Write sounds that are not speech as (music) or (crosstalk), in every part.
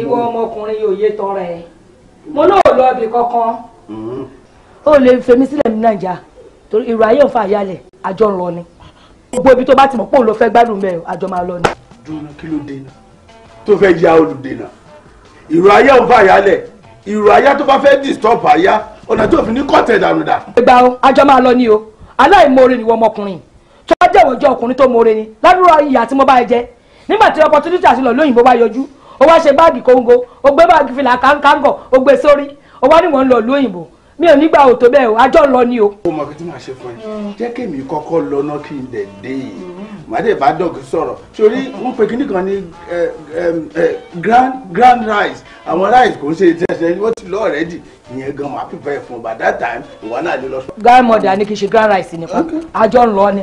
ìwọ ọmọkùnrin yóò yé tọrọ ẹ mm-hmm. mo náà lọ ibì kankan. Mm-hmm. ó lè fèmí sílẹ̀ ní nàìjà torí ìrù ayé ń fa àyálẹ̀ àjọ ń lọ ni gbogbo ibi tó bá ti mọ̀ pé òun ló fẹ́ gbádùn bẹ́ẹ̀ àjọ máa lọ ni. dùnà kí ló dènà tó fẹ́ ya olùdènà ìrù ayé ń fa àyálẹ̀ ìrù ayá tó bá fẹ́ disturb àyá ọ̀nà tó fi ní kọ́tẹ̀ dànù dà. ìgbà o àjọ máa lọ ni o aláìmoore ni wọ́n ọmọkùnrin tó bá jẹ́wọ́ jẹ́ ọkùnrin tó moore ni ládùúrà ìyà tí mo bá jẹ́ nígbà tí opportunity àti lọ lóyìnbó wá yọjú ó wá ṣe báàgì kóńgó ó gbé báàgì fìlà kánkánǹgọ̀ ó gbé sórí ó wá ní lọ lóyìnbó mi ò nígbà òtó bẹ́ẹ̀ o àjọ lọ ni o. o mọ kí tí màá ṣe fún ẹ jẹ́ kémi kọ́kọ́ lọ náà kí n dẹ̀ dé yìí màdé bá dọ̀gì sọ̀rọ̀ sórí wọ́n pe kíní kan ní grand grand àwọn rice kò ń ṣe tẹ̀sẹ̀ wọ́n ti lọ already ìyẹn gan màá pípẹ́ fún by that time ìwà náà lè lọ. grandmother ni kì í ṣe grand rice nìkan àjọ ń lọ ni.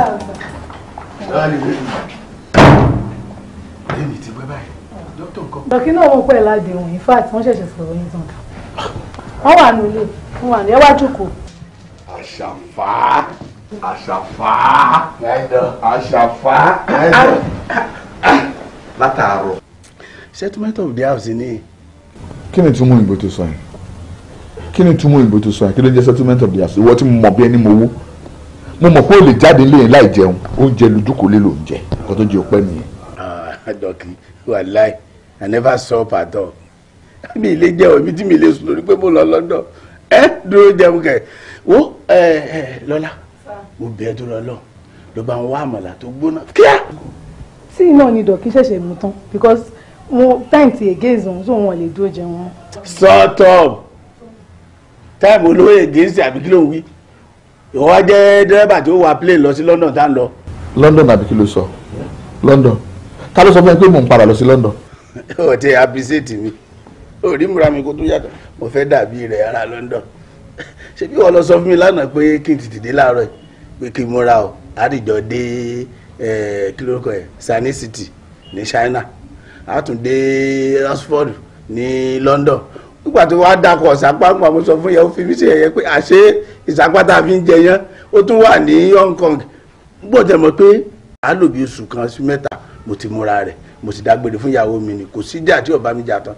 lẹ́yìn ti pẹ́ báyìí dókítà nǹkan. dọ̀kí náà wọ́n pẹ́ ládìhùn in fact wọ́n ṣẹ̀ṣẹ̀ sọ̀rọ̀ yín tán wọ́n wà nílé wọ́n wà ní ẹwà jòkó. àṣàfà àṣàfà àṣàfà látàárọ̀. settlement of the house ni. kí ni túmọ̀ ìbò tó sọ yẹn kí ni túmọ̀ ìbò tó sọ yẹn kí ló jẹ́ settlement of the house ìwọ tí mo mọ̀ bí ẹni mo wó mo mọ̀ pé o lè jáde nílé yẹn láì jẹun oúnjẹ lójú kò lè lò jẹ nǹkan tó jẹ ọpẹ́ nìyẹn. àdọ̀kì ah, wàláì i never saw at all mi ì lè jẹun ibi tí mi lè sùn lórí pé mo lọ London ẹ dúró jẹun kẹ wo ẹ ẹ lọ́la mo bẹ́ẹ̀ dúró lọ ló bá ń wá àmàlà tó gbóná kíá. tí iná ni dọ̀kì ṣẹ̀ṣẹ̀ mú tán because mo time ti against wọn so wọn lè dúró jẹun. sọ́tọ̀ táìmù olówó ègé àbí kí ló ń wí ìwọ wá jẹ́ dẹ́rẹ́bà tí ó wa plane lọ sí London tá ń lọ. London àbí kí ló sọ London ta ló sọ fún ẹ pé mò ń padà lọ sí London. ó (laughs) ti appreciate mi ó rí múra mi kó tó yàtọ̀ mo fẹ́ dàbí rẹ̀ ara London ṣé bí wọ́n lọ sọ fún mi lánàá pé kí n tètè dé láàárọ̀ pé kí n múra o àdìjọ dé kí lórúkọ ẹ̀ Sani City ní China àtúndé Oxford ní London nígbà tó wàá dakọ̀ ìsapá ńgbà mo sọ fún yẹn ó fi mí sí ẹ̀yẹ pé àṣé ìsapá tá a fi ń jẹ ó tún wà ní Hong Kong gbọ́dọ̀ tẹ̀ mọ́ pé àlòbí oṣù kan sí mẹ́ta mo ti múra rẹ̀ mo sì dágbére fún ìyàwó mi ni kò síjà tí ọba mi jà tán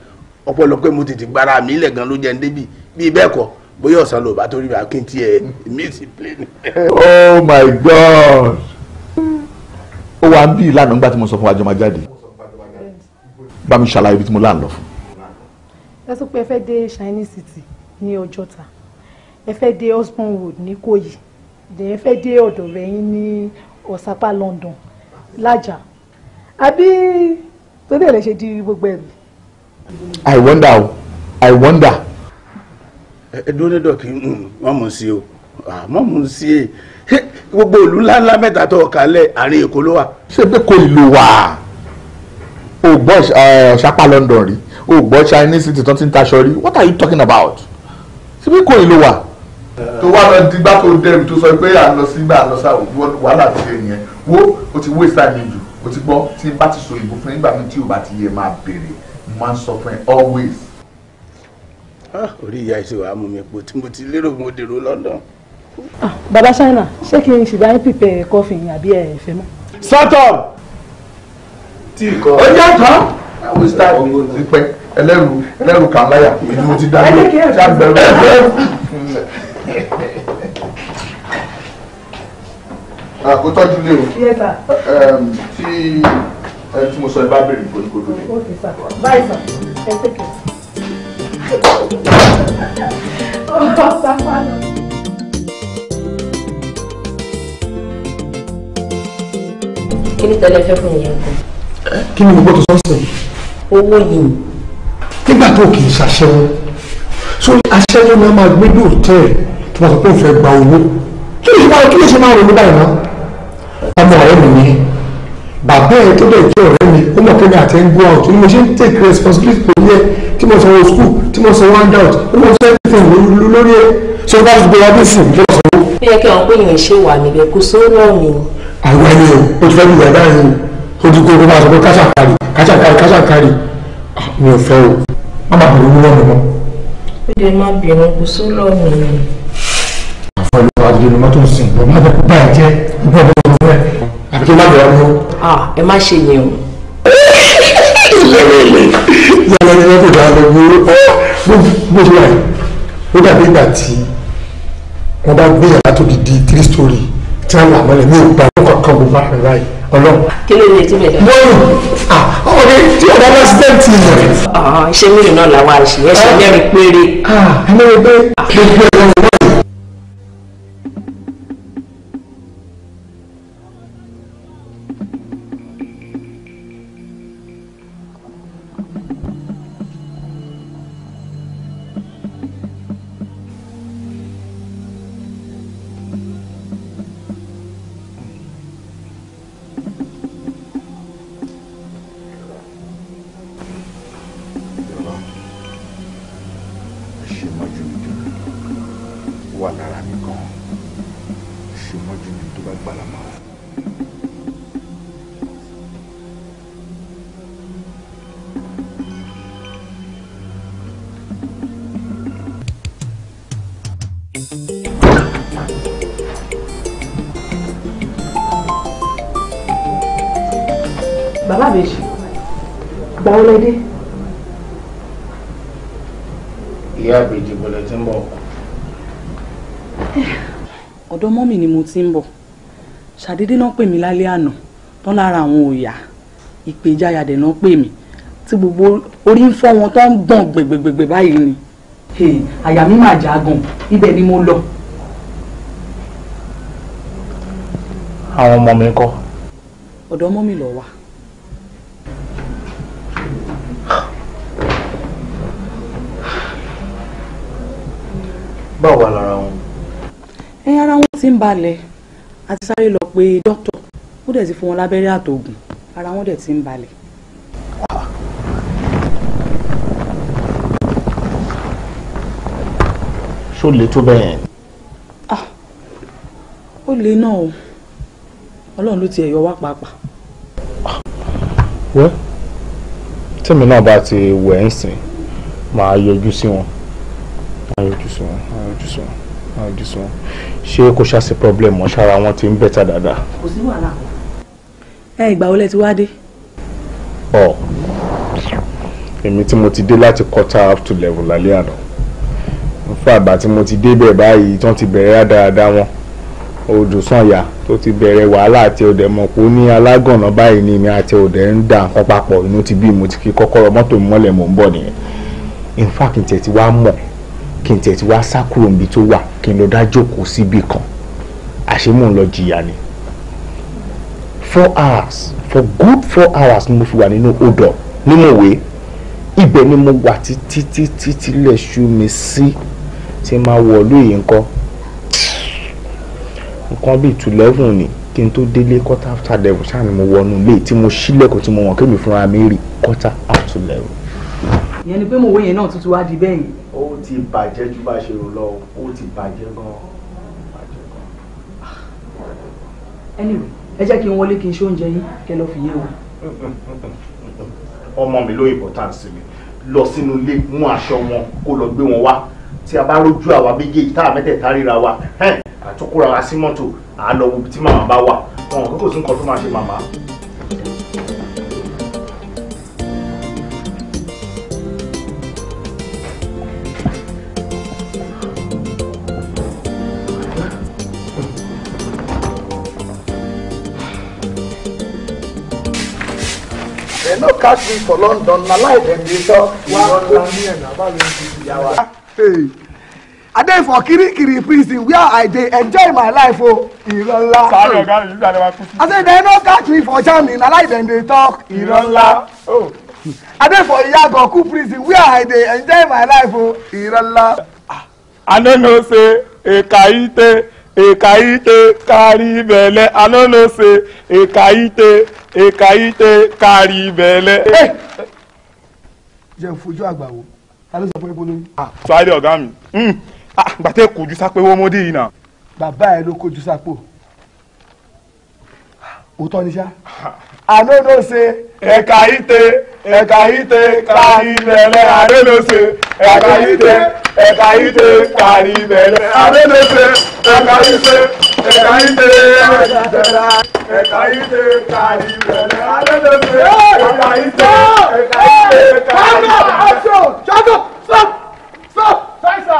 ọ̀pọ̀lọpọ̀ mo tètè gbára mi ilẹ̀ gan ló jẹ́ ń débi bíi bẹ́ẹ̀ kọ́ bóyá ọ̀sán ló bá torí àkí tí ẹ mí sì plé oh my god ó wá ń bí ìlànà ńgbà tí mo sọ fún wa bá mi ṣàlàyé ibi tí mo láǹlọ fún ẹ sọ pé ẹ fẹ́ dé Chinese City ní Ọjọ́ta ẹ fẹ́ dé Osborne ní Kòyí ẹ fẹ́ dé ọ̀dọ̀ rẹ̀ yín ní Ọ̀sápá London lájà àbí tó dẹ̀ lè ṣe di gbogbo ẹ̀rù. I wonder o I wonder. ẹ dúró lẹ́dọ̀ kí wọ́n mọ̀ sí o àmọ́ mò ń sí e gbogbo ìlú ńláńlá mẹ́ta tó kálẹ̀ àárín èkó ló wà. ṣé bẹ́ẹ̀ kò ìlú wa ò gbọ́ ṣapá London rí Oh, gbọ́ chinese city tó ti ń taṣọ rí what are you talking about síbí kò ní ló wà. tó wá lọ dígbà tó dẹrù tó sọ pé à ń lọ sígbà à ń lọ sáwò wàhálà ti ṣe yẹn wo o ti waste time jù o ti gbọ́ tí n bá ti sọ ìbò fún nígbà mi tí o bá ti yẹ máa béèrè mo máa ń sọ fún ẹ always. Ah, orí ìyá ìṣe wàá mú mi po tí mo ti lérò mo dèrò London. Ah, baba Ṣáínà ṣé kí n ṣùgbọ́n pípẹ́ kọfí àbí ẹ̀fẹ́ mọ́. sọ́tọ̀ tí kò. ó yàtọ̀ àwọn ìsítà ọ̀gbọ̀n ti pẹ́ ẹlẹ́rù ẹlẹ́rù kà láyà èyí ti dá lé ṣàbẹ̀rù tọ́jú lé o tí ẹni tí mo sọ ẹ bá béèrè kóníkódó ni. báyìí sà oh, (laughs) kí ni tẹ́lẹ̀ fẹ́ fún yẹn kọ́. kí ni mo gbọ́dọ̀ sọ́sẹ̀ owó yìí. nígbà tó kì í ṣàṣẹwó so aṣẹ́wó náà máa gbé ní òtẹ́ẹ̀ tó bá sọ pé òun fẹ́ gba owó kí ló ṣe máa kí ló ṣe máa ronú báyìí náà ọmọ ọ̀rẹ́ mi ni bàbá ẹ tó bẹ̀ jẹ́ ọ̀rẹ́ mi ó mọ̀ pé mi àti ẹ̀ ń go out ni mo ṣe ń take responsibility pẹ̀lú ẹ tí mo sanwó school tí mo sanwó hand out tí mo sanwó everything lórí ẹ so bá ti gbé wa bí fún mi lọ sanwó. bí ẹ kí àwọn pé èèyàn ṣe wà níbẹ̀ kó sówó náà mi. àwọn ẹni o ó ti fẹ́ bí ìyá dáhùn o ó ti kó kó máa sọ pé káṣà parí kájàkárì kájàkárì ah, mi ò fẹ́ o má má bẹ̀rù wúlọ́ mọ́. ó lè má bẹ̀rù kò sólọ́ mi ni. àfọlù àdìrẹ mọ́tò sìn lọ má bẹ̀rù báyìí jẹ́ gbọ́dọ̀ ló fẹ́ àbí kí n má bẹ̀rù ọmọ. Ah, ẹ má ṣe yẹn o. yàrá ni wọn kò dáa lọ gbó bó ṣe wà yìí ó dàbí ìgbà tí wọn bá gbé yàrá tó di di three story tí wọn là mọ́lẹ̀ mi ò gbà gbogbo àrẹ báyìí ọlọ. kí ló lè tilẹ̀. bọ́ọ̀lù ọmọ mi tí ọ̀dà lásìdẹ́ǹtì mọ̀. ṣé mílíọ̀nù náà làwọn àṣìyẹ́ ṣe mẹ́rin péré. ẹ mẹ́rin péré gbogbo ẹ̀rọ àdédé náà pè mí lálẹ́ àná tán lára àwọn òòyà ìpè ìjáyà dẹ̀ náà pè mí tí gbogbo orí ń fọ́ wọn tó ń gbọ̀n gbẹ̀gbẹ̀gbẹ̀ báyìí ni àyà mi máa jà gan ibẹ̀ ni mo lọ. àwọn ọmọ mi kọ́. ọ̀dọ̀ ọmọ mi lọ wà. báwo lára wọn. ẹ ara wọn ti ń balẹ̀ àti sáré lọ pe dókítà ó dẹ̀ ti fún wọn lábẹ́rẹ́ àtòògùn ara wọn dẹ̀ ti ń balẹ̀. ṣó lè tó bẹ́ẹ̀ yẹn. Ah, ó lè náà o ọlọ́run ló ti ẹ̀yọ wá pàápàá. Ah, wẹ́ tèmi náà bá ti wẹ̀ ẹ́ sìn máa yọjú sí wọn máa yọjú sí wọn máa yọjú sí wọn. Ah, ṣé kò ṣàṣì problem mọ́ ṣára wọn ti ń bẹ̀tà dáadáa. kò sí wàhálà kan. ẹ ìgbà wo lẹ ti wá dé. ọ oh. èmi tí mo ti dé láti quarter up to level lálẹ́ àná fún àgbà tí mo ti débẹ̀ báyìí tán ti bẹ̀rẹ̀ rádaràda wọn odò sànyà tó ti bẹ̀rẹ̀ wàhálà àti ọ̀dẹ̀ mọ̀pọ̀ ní alágànná báyìí ni mi àti ọ̀dẹ̀ ń dà nǹkan papọ̀ inú ti bí mo ti kí kọ́kọ́rọ́ mọ́tò mọ́lẹ̀ mò ń bọ̀ nìyẹn in fact ǹtẹ̀ ti wá mọ̀ kí n tiẹ̀ ti wá sá kúrò níbi tó wà kí n lọ dá jókòó síbì kan àṣé mò ń lọ jìyà ni four hours for good four hours ni mo fi wà nínú odò nímọ̀wé ibẹ̀ ni mo wà títí títí tílẹ̀ ṣú mi sí tí máa wọ̀ lóye nǹkan nǹkan bíi two eleven ni kí n tó délé quarter after eleven ṣáà ni mo wọnú ilé tí mo ṣílẹ̀kùn tí mo wọ̀n kébì fúnra mi rí quarter after eleven ìyẹn ni pé mo wo yẹn náà tuntun wá di bẹ́yìn. ó ti bàjẹ́ ju bá ṣe rò lọ ó ti bàjẹ́ gan-an. anyway ẹ jẹ́ kí n wọlé kí n ṣe oúnjẹ yín kẹ́ lọ́ọ́ fi yé wa. ọmọ mi ló important sí mi lọ sínú ilé mú aṣọ wọn kó lọ gbé wọn wá tí a bá rójú àwa méjèèjì tá a mẹ́tẹ̀ẹ̀ta ríra wa àtúkúra wa sí mọ́tò à lọ wo ibi tí màmá bá wà wọn kò sí nǹkan tó máa ṣe màmá. catch me for London na lie dem dey talk. wàá kó ní ẹ̀ náà bá lè I dey for Kirikiri prison where I dey enjoy my life oh Irọ́ ńlá. I say they no catch me for jamming na lie dem dey talk. Irọ́ Oh, I then for Iyagoku prison where I dey enjoy my life oh Irọ́ I no know say Ekaite Ekaite carry belle I no know say Ekaite èkàyíte kárí bẹ̀lẹ̀. jẹ́ fojú àgbà wo alẹ́ sọ fún ẹ polówó. sọ́ọ́dẹ ọ̀gá mi hmm. ah, gbàtẹ́ kojú sápé wọ́mọdé yìí nà. bàbá ẹ ló kojú sápò òótọ́ ni ṣá. Ah anodose ẹ̀ka ite ẹ̀ka ite kari bẹ̀lẹ̀ anodose ẹ̀ka ite ẹ̀ka ite kari bẹ̀lẹ̀ anodose ẹ̀ka ite ẹ̀ka ite ẹ̀ka ite kari bẹ̀lẹ̀ anodose ẹ̀ka ite ẹ̀ka ite kari bẹ̀lẹ̀. jago stop stop saisa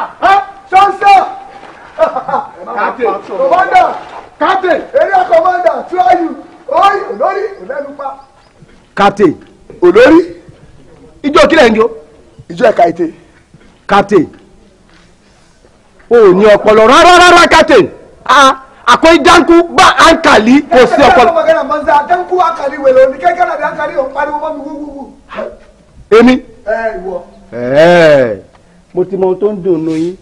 ṣanṣẹ (laughs) captain commander captain area commander try you. oyi Olori! olẹ́nupa. captain olórí ìjọ kílẹ̀ ń jó. ìjọ ẹ̀ka ète. captain o ò ní ọpọlọ rárá rárá a àpò ìdánkù bá àǹkàlì kò sí ọpọlọ. ẹ kẹ́kẹ́ ọmọ gẹ́gẹ́ dánkù àǹkàlì wẹ̀lẹ̀ òní kẹ́kẹ́ náà dánkàlì ò pariwo mọ́ mi wúwúwú. èmi. ẹ ìwọ. ẹ mo ti mọ ohun tó ń dùn nù yín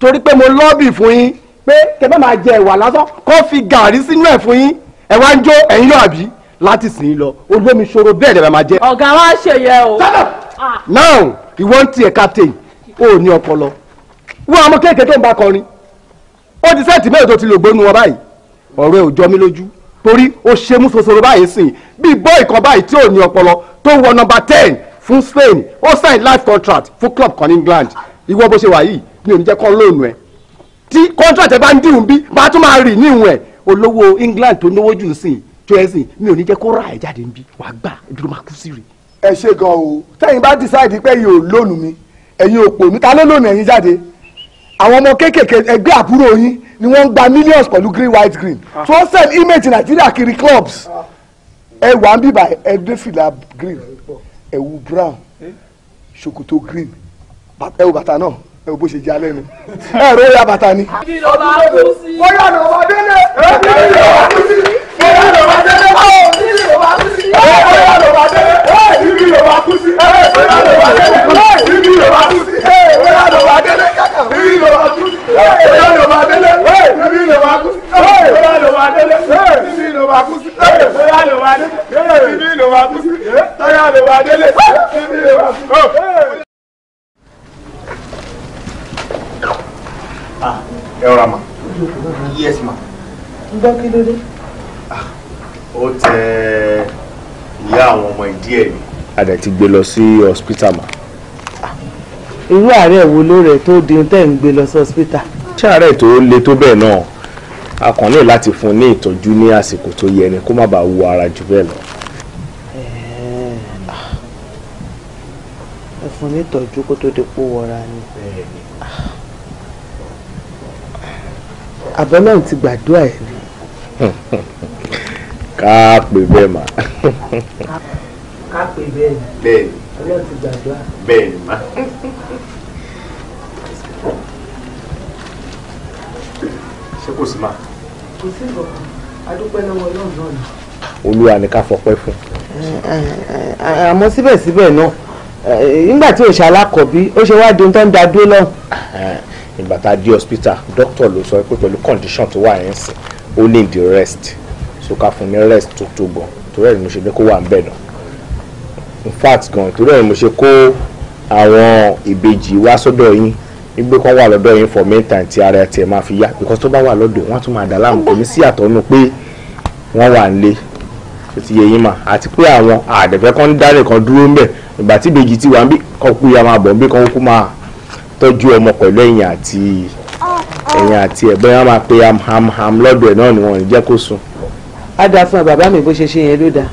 torí pé mo lọ́ọ̀bì fún yín pé kẹ́ máa jẹ ìwà lásán kó fi gàrí sínú ẹ̀ fún yín. ẹ wá ń jó ẹ̀yin náà àbí láti sìn lọ olómi ṣòro bẹ́ẹ̀ lè máa jẹ́. ọ̀gá wa ṣe yẹ o. Ah. now ìwọ ń tiẹ̀ captain ó ní ọpọlọ wọ́n àmọ́ kéèké tó ń bá kọrin ó ti sẹ́ẹ̀tì mẹ́rin tó ti lò gbónú wọn báyìí ọ̀rọ̀ ẹ̀ ò jọ mí lójú torí ó ṣe mú sosoro báyìí sìn bí bọ́ọ̀ ìkan báyìí tí ò ní ọpọlọ tó wọ nọ́mbà ten fún Spain ó sign life contract fún club kan England ìwọ bó ṣe wà yìí ni òun jẹ́ kọ́ lóònù ẹ̀ tí contract ẹ bá ń dìhùn bí màá tún máa rì ní ẹ̀ olówó England tó náwó jù sí Chelsea mi ò ní jẹ́ kó ra ẹ̀ jáde níbí wàá gbà dúró máa kú sí rè. ẹ ṣe gan o tẹ́yin bá decide pé yóò lónìí mi ẹ̀yin ò pò mí ta ló lónìí ẹ̀yin jáde àwọn ọmọ kéékèèké ẹgbẹ́ àbúrò yín ni wọ́n ń gba millions pẹ̀lú green white green tí ah. wọ́n send image Nàìjíríà kiri clubs ah. ẹ wà ń bíbà ẹ dé fìlà green ẹ̀wù brown eh? ṣòkòtò green ẹ wù bàtà náà ẹ wo bó ṣe jẹ alẹ́ nu ẹ ro ya bàtà ni. kí ló bá kú sí. ó yà lọ wá délé. kí ló bá kú sí. ó yà lọ wá délé. kí ló bá kú sí. ó yà lọ wá délé. kí ló bá kú sí. ó yà lọ wá délé. ah ẹ ma yes ma. n gbọ́ kí ló dé. Ah, ó tẹ ìyá àwọn ọmọ ìdí ẹ̀ mi. a dẹ̀ ti gbé lọ sí hospital ma. Ah. irú àárẹ̀ wo ló rẹ̀ tó di tẹ́ ń gbé lọ sí hospital. ṣé àárẹ̀ tó le tó bẹ́ẹ̀ náà a kàn ní láti fún un ní ìtọ́jú ní àsìkò tó yẹ ni kó má bàa wo ara jù bẹ́ẹ̀ lọ. Ah. ẹ fún un ní ìtọ́jú kó tó di pò wọra ni àbọ́lọ́run ti gbàdúrà ẹ̀ ni. (laughs) ká pè bẹ́ẹ̀ mà. (laughs) ká pè bẹ́ẹ̀ ni. bẹ́ẹ̀ ni. ọlọ́run ti gbàdúrà. bẹ́ẹ̀ ni mà. (laughs) ṣé kò sí mà. kò sí ìfọkàn adúpẹ́ lọ́wọ́ ọlọ́run náà ni. olúwa ni ká fọpẹ́ fún. àmọ́ síbẹ̀síbẹ̀ náà nígbà tí òṣà alákọ̀ọ́bí ó ṣe wá di ohun tó ń da dúró lọ́hùn ìgbà di hospital doctor ló sọ pé pẹ̀lú condition tó wà yẹn sìn ó need the rest so ká fún ní rest tó tó gan torí ẹ̀ ni mo ṣe ní kó wà ń bẹ̀ náà in fact gan torí ẹ̀ ni mo ṣe kó àwọn ìbejì wá sọ́dọ̀ yín igbe kan wà lọ́dọ̀ yín for meantime tí ara ẹ̀ tiẹ̀ máa fi yá because tó bá wà lọ́dọ̀ wọ́n á tún máa dà láàmú kò ní sí àtọ́nu pé wọ́n wà nílé tó ti yẹ yín mà àti pé àwọn àdẹ̀fẹ́ kan dá nìkan dúró ń bẹ̀ ìgbà tí ìbejì ti wà ń bí kan ya máa bọ̀ ń bí kan máa tọ́jú ọmọ pẹ̀lú ẹ̀yìn àti ẹ̀yìn àti ẹ̀gbọ́n yẹn á máa pe ham lọ́dọ̀ ẹ̀ náà ni wọ́n jẹ́ kó sùn. á dáa fún ẹ bàbá mi bó ṣe ṣe yẹn ló dáa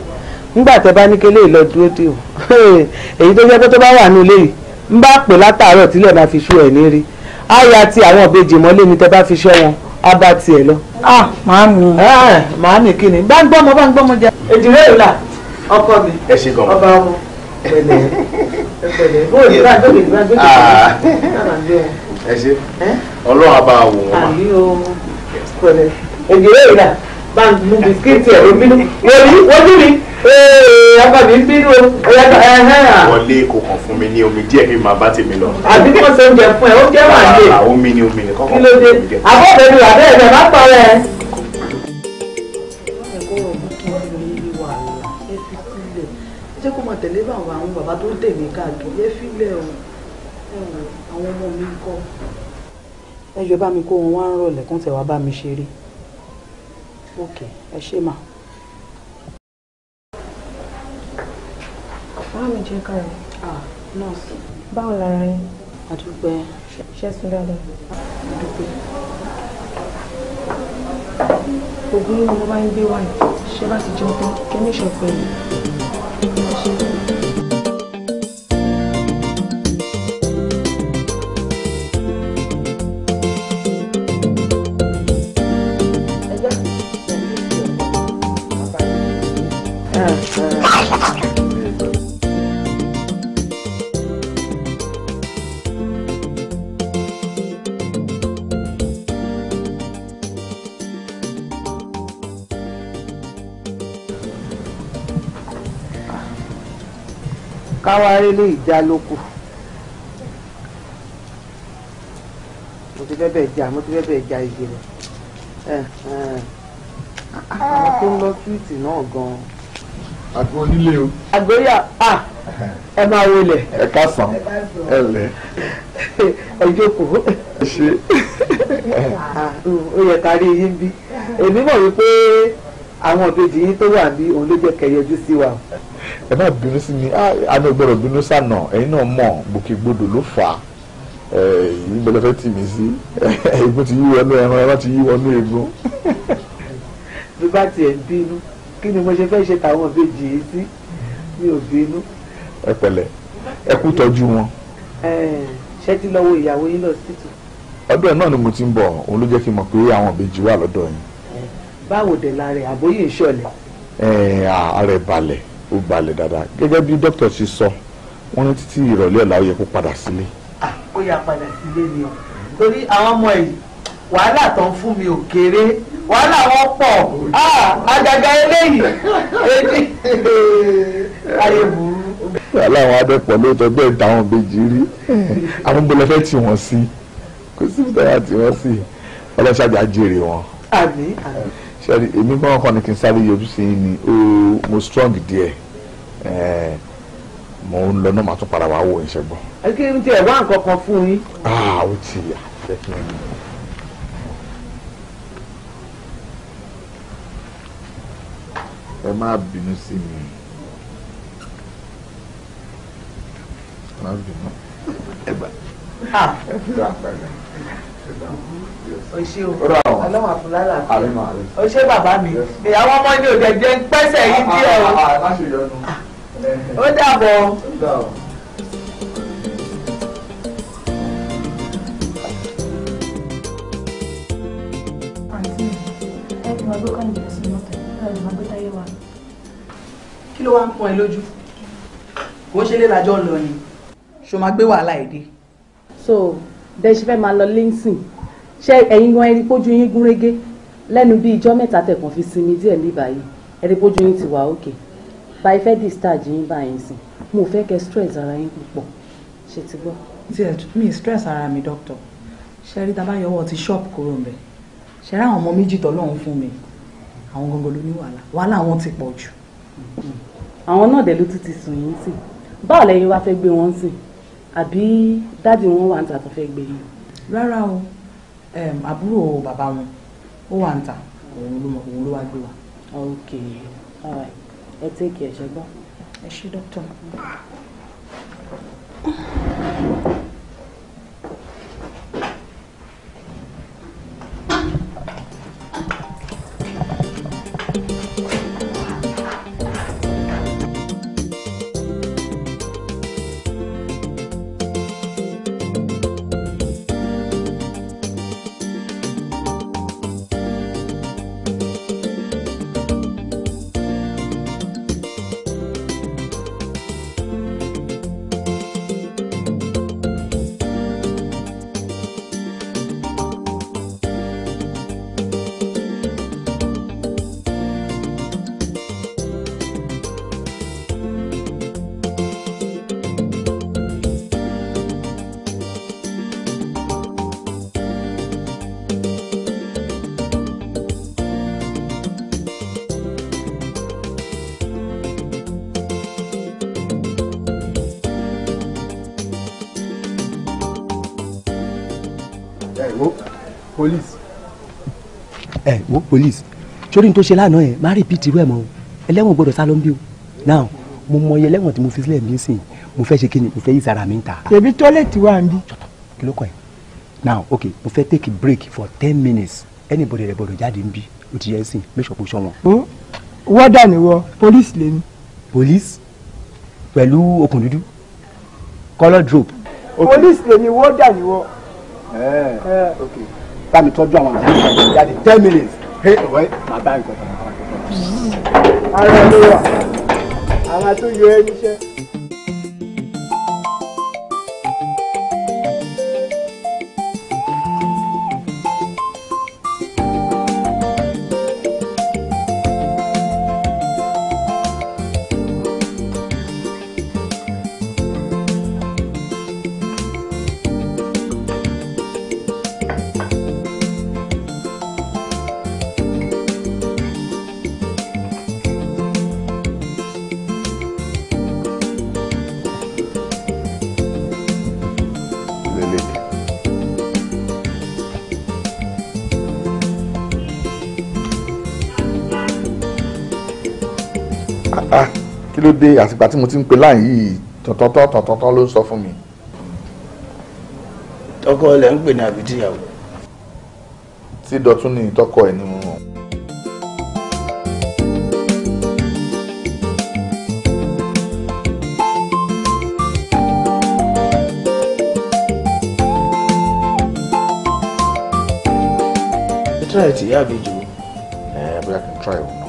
ńgbà tẹ bá ní kí eléyìí lọ dúró dé o (laughs) èyí tó jẹ́ pé tó bá wà ní ilé yìí ń bá pè látàárọ̀ tílẹ̀ máa fi ṣú ẹ̀ ní rí àyà tí àwọn ìbejì mọ́lé mi tẹ bá fi ṣọ́ wọn á bá tiẹ̀ lọ. ah màámi. màámi kí ni bá ń gbọ́mọ bá ń gbọ́mọ jẹ. èdè rẹ̀ ìlà ọmọ pẹ̀lẹ́. (laughs) ẹ ṣe ọlọ́run abá wò wọ́n mà. ògèrè ìlà bá ń mú bisikíìtì ẹ̀rọ bínú wọlé wọlé mi ọkọ mi ń bínú o. wọlé kò kàn fún mi ní omi díẹ̀ kí n máa bá tèmi lọ. àbí kò ṣe oúnjẹ fún ẹ oúnjẹ wà ní. omi ni omi ni kọ́kọ́. kí ló dé àbọ̀ bẹ̀rù àbẹ́rẹ́ bá pa ọ́ rẹ̀. tẹ̀lé bàbá àwọn bàbá tó tèmi káàkiri ẹ fílẹ̀ o àwọn ọmọ mi ń kọ́. ẹ yọ bá mi kó wọn wá ń rọlẹ̀ kó tẹ̀ bá mi ṣeré ok ẹ ṣe mà. wọ́n á mi jẹ́ ká ah nọ́ọ̀sì. báwo lára yín. àdúpẹ́. ṣe sùn dáadáa. àdúpẹ́. ògùn ni mo bá ń gbé wáyé ṣé bá ti jẹun tán kí ẹ ní ìṣọ̀kan yìí. káwárí lè já lóko mo ti fẹ́ bẹ̀ já mo ti fẹ́ bẹ̀ já ìgbèrè àwọn tó ń lọ túwìtì náà gan-an àgbo onílé o. àgbóyà a ẹ máa wọlé. ẹ ká sàn ẹ lẹ. ẹ jókòó. ẹ ṣe. ó yẹ ká rí yín bí èmi mọ̀ wípé àwọn ìbejì yín tó wà ní òun ló jẹ́ kẹyọjú sí wa. ẹ má bínú sí mi àmì ìgbọ́dọ̀ bínú sànà ẹ̀yin náà mọ̀ gbòkègbodò ló fà á ìgbẹ́lẹ́fẹ́ tì mí sí egun ti yí wọnú ẹran ẹran ti yí wọnú egun. bí bá tiẹ̀ ń bínú kí ni mo ṣe fẹ́ ṣe tàwọn ìbejì yìí sí mi ò bínú. ẹ pẹ̀lẹ́ ẹ kú tọ́jú wọn. ṣé ti lọ wo ìyàwó yín lọ síìtù. ọ̀dọ̀ náà ni mo ti ń bọ̀ òun ló jẹ́ kí n mọ̀ pé àwọn ìbejì wà lọ́dọ̀ yín. báwo dẹ̀ la rẹ̀ àbóyè ìṣọ̀lẹ̀. ààrẹ balẹ̀ ó balẹ̀ dáadáa gẹ́gẹ́ bí dókítà ṣe sọ wọ́n ní títí ìrọ̀lẹ́ ọ̀la ó yẹ kó padà sílé. ó yá padà sílé ni o torí àwọn ọmọ yìí wàhálà tán fún mi ò kéré wàhálà wọn pọ̀ àgàgà eléyìí èdè ayé burú. wàhálà àwọn adẹ́pọ̀ lóòótọ́ bẹ́ẹ̀ táwọn bèjì rí àwọn gbọ́dọ̀ fẹ́ tì wọ́n sí kò síbi táyà tì wọ́n sí ọlọ́ṣàjà jèrè wọn. àmín àmín. sẹ́ni èmi kọ́ ọkàn ni kí n sáré yọjú sí i ni ó mo strong díẹ̀ mo ń lọ náà màá tún padà wàá wò ìṣẹ́gbọ́n. ẹ kí n tiẹ̀ wá nǹkan kan fún yín. ah o ti yà ẹ má bínú sí mi má bínú ẹ bá ẹ fi ra pẹ̀lẹ́ ọṣẹ o ọlọ́wọ́ àfúlálà ọṣẹ bàbá mi ìyàwó ọmọ ní òjẹ̀jẹ̀ ń pẹ́sẹ̀ yìí díẹ̀ o ó dàbọ̀. kí ló wá ń pọn ẹ lójú kò ń ṣe lé làjọ lọ ni ṣo máa gbé wàhálà ẹ dé. so bẹ́ẹ̀ ṣe fẹ́ máa lọ linsin ṣé ẹ̀yin gan ẹni pójú yín gúnrégé lẹ́nu bíi ijọ́ mẹ́ta tẹ̀kàn fi sinmi díẹ̀ ní báyìí ẹni pójú yín ti wà òkè báyìí fẹ́ discharge yín báyìí sìn mo fẹ́ kẹ́ stress ara yín púpọ̀ ṣe ti gbọ́. tiẹ̀ mi stress ara mi doctor ṣe rí tá a bá yọwọ́ ti ṣọ́ọ̀bù kúrò ńbẹ̀ ṣe rí àwọn ọmọ méjì tọ́lọ́run fún mi àwọn gangan ló ní wàhálà wàhálà wọn ti pọ̀ jù. Mm-hmm àwọn náà dẹ̀ ló tún ti sùn yín sìn báwo lẹ́yìn wá fẹ́ gbé wọn sìn àbí dáàdì wọn wà níta tó fẹ́ gbé yín. rárá o àbúrò bàbá wọn ó wà níta òun ló mọ òun ló wá gbé wa. ok ẹ tẹ́kì ẹ̀ ṣẹ́gbọ́n. ẹ ṣé dókítà. ẹ eh, wo police sórí ní tó ṣe lánàá yẹn má repeat irú ẹ̀ e mọ́ o ẹlẹ́wọ̀n gbọ́dọ̀ sá o now mo mọ iye ẹlẹ́wọ̀n tí mo fi sílẹ̀ mí sìn mo fẹ́ ṣe kí mo fẹ́ yí sara mi ta. tèmi tọ́lẹ̀tì wà ń bí. kí ló kọ now ok mo fẹ́ take a break for ten minutes anybody rẹ̀ gbọ́dọ̀ jáde ń bí o ti yẹ sìn make sure kó sọ wọn. wọ́dà ni wọ police lè ní. police pẹ̀lú okùn dúdú colour drop. police lè ní wọ́dà ni wọ. ẹ eh, ẹ eh. okay. okay bá mi tọ́jú àwọn àti ìgbà jáde ten minutes he ọ̀rẹ́ màá bá nǹkan kan. Mm-hmm. ara ló wà àwọn tó yọ níṣẹ́. ló dé àsìgbà tí mo ti ń pe láàyè yìí tọ̀tọ̀tọ̀ tọ̀tọ̀tọ̀ ló ń sọ fún mi. tọkọ ilẹ̀ ń pè ní àbí tíyàwó. tí dọ̀tún ni tọkọ ẹ̀ ni mo try it, yeah, Biju. Yeah, but I can try one.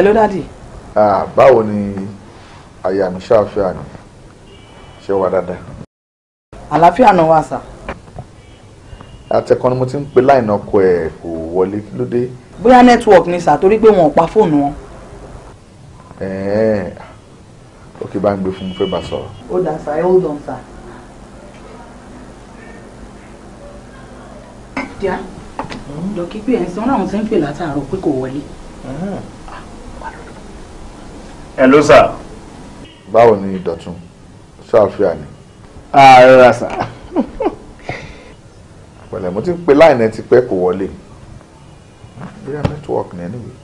hello dadi. báwo ni àyà mi ṣáàfíà ni ṣé wà dáadáa. àlàáfíà náà wà sà. àtẹ̀kọ́ ni mo ti ń pe láìnà ọkọ ẹ̀ kò wọlé kí ló dé. bóyá network ni sà torí pé wọn ò pa fóònù wọn. ẹ̀ẹ́n òkè bá ń gbé fún mi fẹ́ bá sọ̀rọ̀. ó dà sà ẹ hold on sà. díà lọ kí pé ẹ̀ ń àwọn tí ń pè látàárọ̀ pé kò wọlé hello sir. báwo ni ìdọ̀tún ṣáàfíà ni. ààrẹ ra sà. pẹ̀lẹ́ mo ti ń pe láìní ti pẹ́ kò wọlé bóyá nẹ́tíwọ́ọ̀kì ni anyway.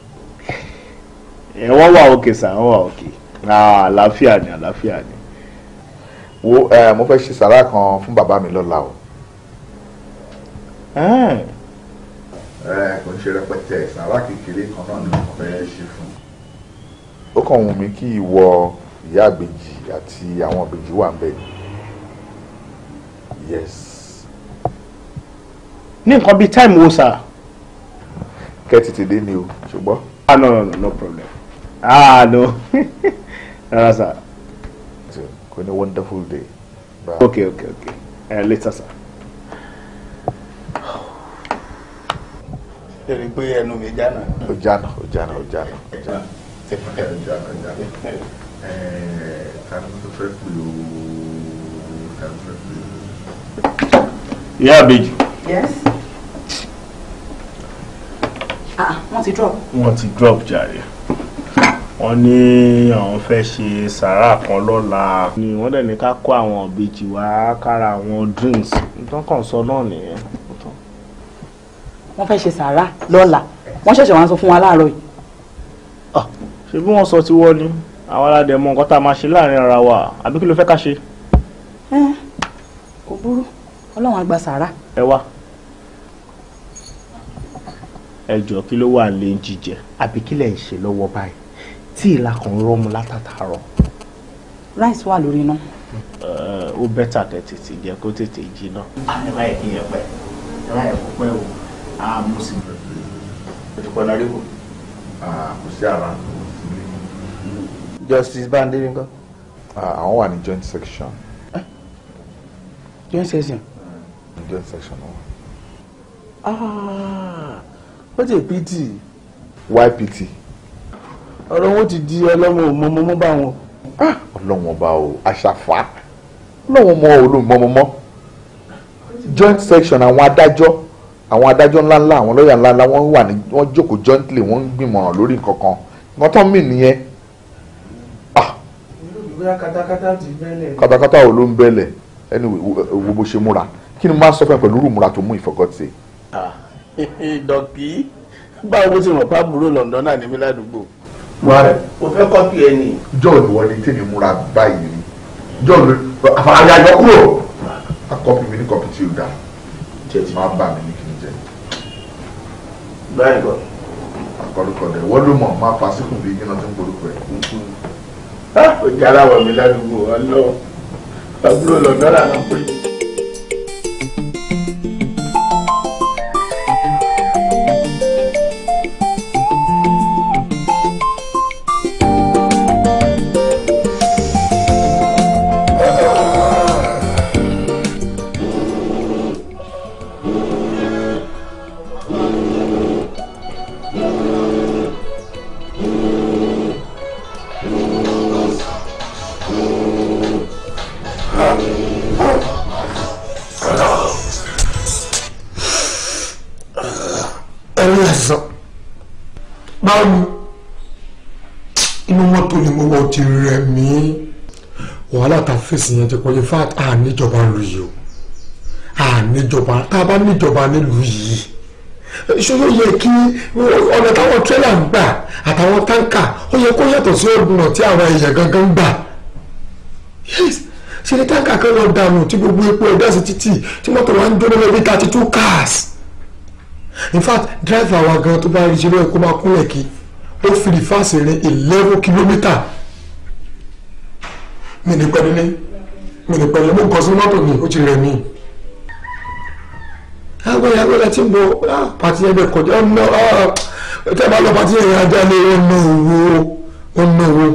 ẹ eh, wọ́n wà òkè sà wọ́n wà òkè ah, àlàáfíà ni àlàáfíà ni. wo eh, mo fẹ́ ṣe sàrà kan fún bàbá mi lọ́la o. ẹ ah. eh, kò ń ṣe rẹpẹtẹ sàrà kékeré kan náà ni mo fẹ́ ṣe fún un ó kàn wù mí kí ìwọ ìyá àbèjì àti àwọn àbèjì wà ń bẹ yes. ní nǹkan bíi time wo sà. kẹ́tì ti dé ni o ṣùgbọ́n. ah no no no no problem ah no (laughs) sir. So, kò ní wonderful day. Bye. okay okay okay uh, later sir. lórí pé ẹnu mi jánà. ó jánà ó jánà ó jánà Yeah, ẹja yes. ah want to drop. Want to drop Jerry. Oni, ní àwọn fẹ́ ṣe sàárà kan lọ́la ni wọ́n dẹ̀ ní ká kó àwọn ìbejì wá kára àwọn drinks nǹkan kan sọ náà nìyẹn. wọ́n fẹ́ ṣe sàárà lọ́la wọ́n ṣẹ̀ṣẹ̀ wá sọ fún wa láàárọ̀ yìí ṣe bí wọ́n sọ ti wọ́ ni àwọn aládẹ mọ nǹkan tá a máa ṣe láàrin ara wa àbí kí ló fẹ́ ká ṣe. ẹ kò burú ọlọ́run àgbà sàrà. ẹ wá ẹ kí ló wà lé ń àbí kí lẹ̀ ń ṣe lọ́wọ́ báyìí tí ìlà kan rọ́mu látàtàrọ. rice wà lórí iná. ó bẹ́tà kẹ́ tètè jẹ́ kó tètè jiná. àmì láì kí yẹn pẹ́ láì kó pẹ́ o àmúṣe. ìdúpọ̀ náà rí kò. Ah, kò sí àrà justice bandiri nǹkan. Ah, àwọn wà ní joint section. Eh? joint section. joint section wọn. Ah, ó ti pt. ypt. ọ̀rọ̀ wọn ti di ọlọ́mọ òmọmọmọ bá wọn. Ah! ọlọ́wọ́n bá o aṣàfà ọlọ́wọ́n mọ olùmọmọmọ joint section àwọn adájọ́ àwọn adájọ́ ńláńlá àwọn lọ́ọ̀yà ńláńlá wọ́n wà ní wọ́n jókòó jointly wọ́n ń gbìmọ̀ràn lórí nǹkan kan nǹkan tó ń mì nìyẹn bóyá katakata ti bẹ́lẹ̀. katakata wo ló ń bẹ́lẹ̀ ẹni wo bó ṣe múra kí ni máa sọ fún ẹ pẹ̀lú rúmúra tó mú ìfọkọ́tì. Ah, (laughs) dọ̀kì báwo bó ti ràn pa àbúrò London náà níbi ládùúgbò. wàá o fẹ́ kọ́pì ẹ ni. John wọ ni tèmi múra báyìí rí John àfààní àyọ kúrò a kọ́pì mi ní kọ́pì tí o dà máa bà mí ní kí n jẹ. báyìí kọ́. àkọ́lùkọ́ dẹ̀ wọ́n ló mọ̀ máa fa síkùn bí iná tó ń polúkọ ẹ̀ ó jẹ́ aláwọ̀ mi ládùúgbò ọlọ́run àbúrò lọ́dọ́ làwọn pé. fèsì yẹn ti pọ̀ in fact à níjọba lu yìí o à níjọba tá a bá níjọba nílùú yìí ṣòro yẹ kí ọ̀nà táwọn tírélà ń gbà àtàwọn táǹkà ó yẹ kó yàtọ̀ sí ọ̀nà tí àwọn èèyàn gangan ń gbà yes ṣe ni táǹkà kan lọ dànù tí gbogbo epo ẹ̀dá sí títì tí mọ́tò wa ń jóná lórí thirty two cars in fact driver wa gan tó bá rí ṣe lóye kó máa kúnlẹ̀ kí ó fi rìfáàsì rin eleven kilometre mi ní ní pẹ́ nílé mo kàn sí mọ́tò mi ó ti rẹ̀ mí. àwọn ìyàwó rẹ̀ ti ń bọ̀ ah, pàtí ẹ̀ bẹ̀ kọjá ọ̀nà ah, tẹ́ bá lọ pàtí ẹ̀yìn ajá lé ọ̀nà owó ọ̀nà owó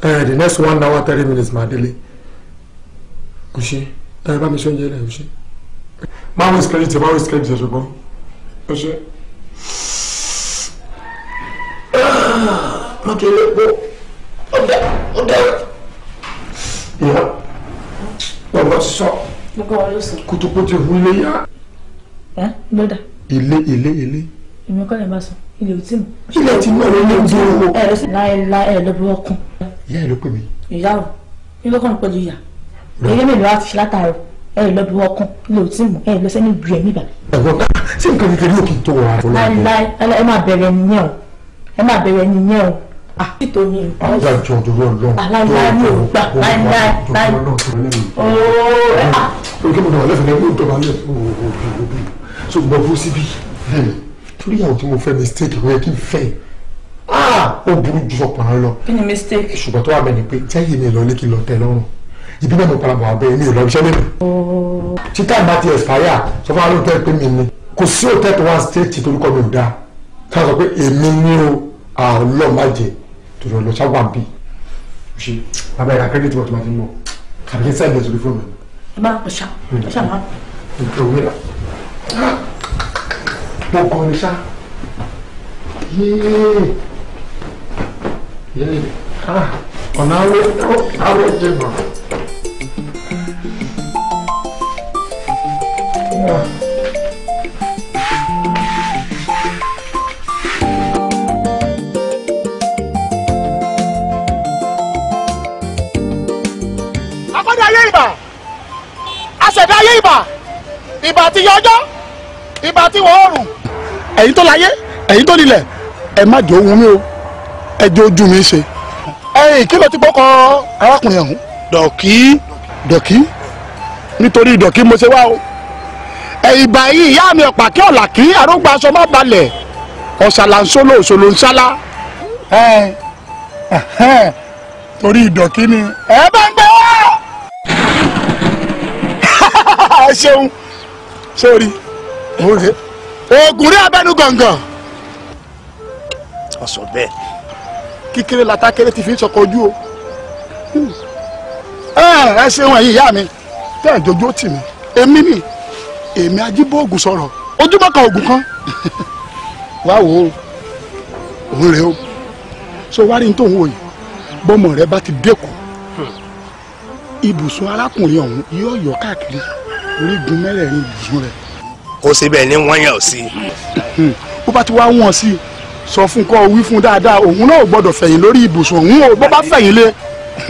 the next one hour thirty minutes máa délé kò ṣe ẹ bá mi ṣe oúnjẹ rẹ kò ṣe. máa wí sikẹ́lì tẹ máa wí sikẹ́lì tẹ ṣùgbọ́n ṣe. Ah, mọ́tò ilé epo ọ̀dà ìyá ọ̀rọ̀ ti sọ kùtùkù ti hu ilé yá. lọ́dà. ilé ilé ilé. èmi kọ́ ni bá sọ ilé ò tí mọ̀. ilé ti mọ̀ ló ní ojú owó. ẹ ẹ láìla ẹ lọ bí ìyá ẹ ló pè mí. ìyá o ní lọ́kàn pẹ̀lú ìyá èyí mi lọ́wọ́ àti látàárọ̀ ẹ lọ bí wọ́n kún ilé ò tí mọ̀ ẹ lọ sẹ́ni bìrẹ̀ níbà. ẹ̀wọ̀n ká sí nǹkan kékeré òkè tó wà. láìláì ẹ máa bẹ̀rẹ̀ nìyẹn o ẹ máa bẹ̀rẹ̀ nìyẹn o nítorí nǹkan ọ̀sán alájọ òdòdó ọlọ́run aláìláì ah. ní ògbà láìláì láì ooo ẹ à. oge mo dọ̀bálẹ̀ fún ẹ yóò dọ̀bálẹ̀ òbí so gbọ́ bó síbí torí àwọn tí mo fẹ́ mistake ló yẹ kí n fẹ́ ah! ó burú ju ọkùnrin lọ. kí ni mistake. ṣùgbọ́n tó wà bẹ́ẹ̀ ni pé jẹ́yìí mi lọ lé kí n lọ tẹ̀ lọ́rùn ibi náà mo parapọ̀ abẹ́ mi ò lọ iṣẹ́ lẹ́nu. títà ìgbà ti expire sọ fún alóòótọ́ ẹ pé mi ni kò sí òtẹ́ẹ̀tì one state torúkọ mi ò dáa ká sọ pé èmi ni torí ọ̀nà ṣáwà ń bì ó ṣe bàbá ìra kírẹ́dìtì wọ́n ti máa ti mọ̀ tàbí kí n sáà ìgbésórí fóònù mi. ẹ má ọṣà ọṣà hmm. má. òwe la mo kọ ni ṣá yéé ah, ọ̀nà awé awé Yeah. ṣẹ̀dá ayé ìbà ìbà ti yọ ọjọ́ ìbà ti wọ̀ oòrùn. ẹ̀yin tó láyé ẹ̀yin tó nílẹ̀ ẹ má jẹ́ ohun mi o ẹ jẹ́ ojú mi ṣe. ẹ̀yin kí ló ti gbọ́kọ arákùnrin ọ̀hún. dọ̀kí dọ̀kí nítorí dọ̀kí mo ṣe wá o. ìbà yìí ìyá mi ọ̀pá kí ọ̀là kí arógbó aṣọ má balẹ̀ ọ̀ṣàlàṣọ́lò òṣòlò ń ṣálá. torí ìdọ̀kí ni ẹ bá ẹ ṣeun sórí oògùn rí abẹnú gàngàn ọsọ bẹ́ẹ̀ kíkéré lata kéré ti fi ń sọkọ ojú o ẹ ṣeun ẹ̀yin ìyá mi tẹ ẹ dojú ó tì mí èmi ni èmi ajíbóògùn sọ̀rọ̀ ojúmọ́ kan oògùn kan wá wò ó òun rèé o so wá rí n tó ń wò yìí bọ́mọ rẹ bá ti dẹ́kun ibùsùn arákùnrin ọ̀hún yóò yọ káàkiri orígun mẹ́rẹ̀ẹ̀rin ìbùsùn rẹ̀. kó síbẹ̀ ní wọ́n yàn sí. Hmm. bó bá ti wá wọ̀n sí i sọ fún kọ́ wí fún dáadáa òun náà ò gbọ́dọ̀ fẹ̀yìn lórí ibùsùn òun ò bó bá fẹ̀yìn lé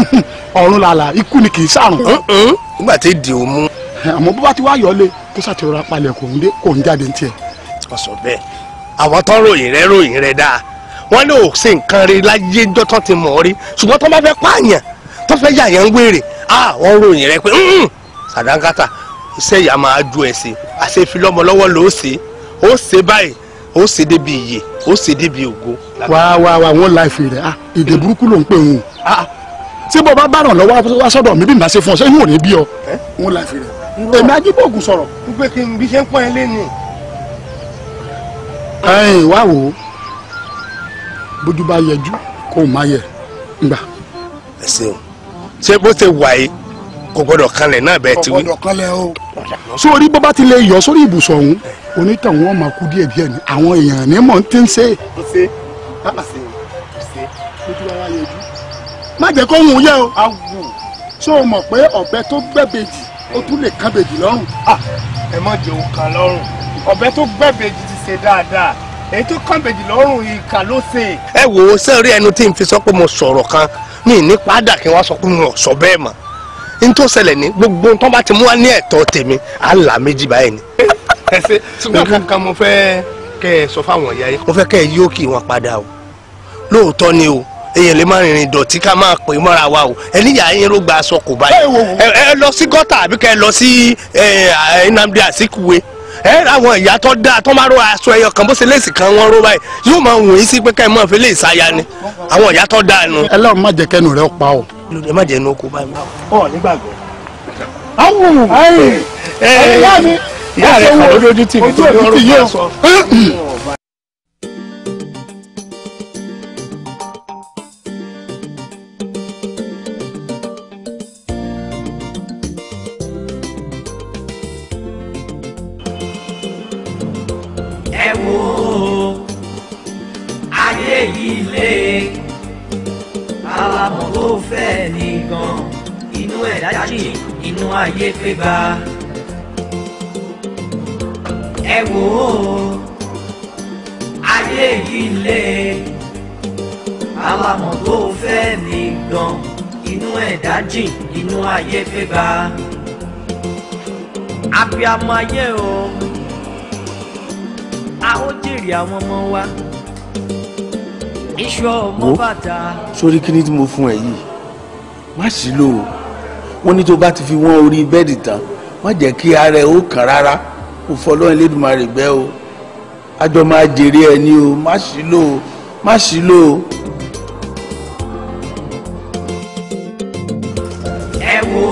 (laughs) ọ̀run làlà ikú ni kì í sàrùn. nígbà tí di o mú. Hmm. àmọ́ bó bá ti wá yọ lé kó sàtìrọra palẹ̀ kò ń dé kò ń jáde ní tiẹ̀. ọ̀sọ̀ bẹ́ẹ̀ àwọn tó ròyìn rẹ ròyìn rẹ dáa wọ́n ní ò sí nǹkan rí láyé ńjọ́ ti mọ̀ ọ́ rí ṣùgbọ́n tó bá fẹ́ pààyàn tó fẹ́ yàyàn ń wèrè àwọn ròyìn rẹ pé sàdánkátà iṣẹ́ ìyá máa ju ẹ̀ sí àṣefilọ́mọ lọ́wọ́ ló ṣe ó ṣe báyìí ó ṣe débi iye ó ṣe débi ògo. wá wá wá wọn láìfi rẹ ah èdè burúkú ló ń pè wọn o ah, tí bọ́ bá bá ràn lọ́wọ́ wá sọ́dọ̀ mi bí màá ṣe fún ọ sẹ́yìn ò ní bí ọ wọn láìfi rẹ èmi ajíbọ̀gùn sọ̀rọ̀. n pé kí n bí ṣe ń pọ́n ẹ lẹ́nu. ẹ̀yin wá wò ó bójú bá yẹjú kó o má yẹ gbà. ẹ ṣeun ṣé bó ṣe wà yìí kò gbọdọ̀ kanlẹ̀ náà bẹ́ẹ̀ ti wí. o. sórí bó bá ti lè yọ sórí ibùsọ̀ ọ̀hún onítàn wọn máa kú díẹ̀ díẹ̀ ni àwọn èèyàn ní mọ̀ ń tẹ́ ń ṣe. Ah, má jẹ́ kó ń wù yẹ o. ṣé o mọ̀ pé ọ̀bẹ tó gbẹ́bejì ó tún lè kábejì lọ́rùn. Ah, ẹ má jẹ́ òun lọ́rùn ọ̀bẹ tó gbẹ́bejì ti ṣe dáadáa èyí tó kànbèjì lọ́rùn ìkà ló ṣe. ẹ wo sẹ́ẹ̀rí ẹnu tí n fi sọ pé mo sọ̀rọ̀ kan mi ní padà kí wọ́n sọ pé mo sọ bẹ́ẹ̀ mọ́ n tó ṣẹlẹ̀ ní gbogbo tó bá ti mú wa ní ẹ̀tọ́ tèmi à ń là méjì báyìí ni. (laughs) ẹ ṣe ṣùgbọ́n kankan mo fẹ́ kẹ́ ẹ sọ fáwọn ìyá yẹn. mo fẹ́ kẹ́ ẹ yí òkè wọn padà o lóòótọ́ ni o èyàn lè má rìnrìn dọ̀tí ká máa pè mọ́ra wa o ẹni ìyá yín ló gba aṣọ kò báyìí ẹ lọ sí gọ́tà àbí kẹ́ ẹ lọ sí Nnamdi Azikiwe ẹ ráwọn ìyá tó dáa tó máa ró aṣọ ẹyọ kan bó ṣe léèsì kan wọn ró báyìí yóò máa wòye sí pé ká ẹ máa fi léèsì aya ni àwọn ìyá tó dáa nu. ẹlẹ́run má jẹ́ kẹ́nu rẹ̀ pa ọ́ lóde má jẹ́ inú oko báyìí báwo. ọ nígbàgbọ́. awo ẹyìn ìyá rẹ kàn lójú tì bá sọ. (clears throat) (clears throat) ohun ayé fẹ́ bá ẹ wò ó ayé yìí lé alamọ tó fẹ́ mi gan inú ẹ̀dá jìn inú ayé fẹ́ bá abiamọ ayé o a ó jèrè àwọn ọmọ wa iṣu ọmọ bàtà. sórí kí ni mo fún ẹ yìí má sí lò ó wọ́n ní tó bá ti fi wọ́n orí bẹ́ẹ̀dì tán má jẹ́ kí ara ẹ̀ ó kàn rárá kò fọlọ́run Elédùmarè bẹ́ o àjọ máa jèrè ẹ ní o má sí lò ó má sí lò ó. ẹ wo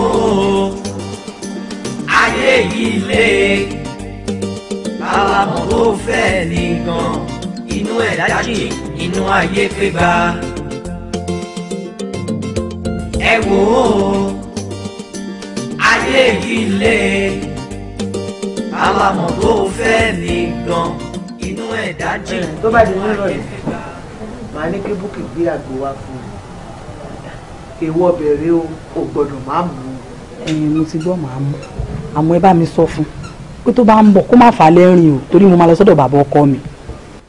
ayé yìí lé báwa mọ̀ ó ní gan inú ẹ̀ dájì inú ayé pé bá ẹ wo ayé yìí le alamọ̀ tó fẹ́ mi gan inú ẹ̀ dájú. Eh, tó bá di nírọ̀ yìí màá ní kí búkì gbé àgbo wá fún mi èwo ọbẹ̀rẹ̀ o ò gbọ́dọ̀ máa mú un. Eh, ẹyin mo ti gbọ́ màá mú àmọ́ ẹ bá mi sọ fún pé tó bá ń bọ̀ kó má fà á lẹ́rìn o torí mo máa lọ sọ́dọ̀ bàbá ọkọ mi.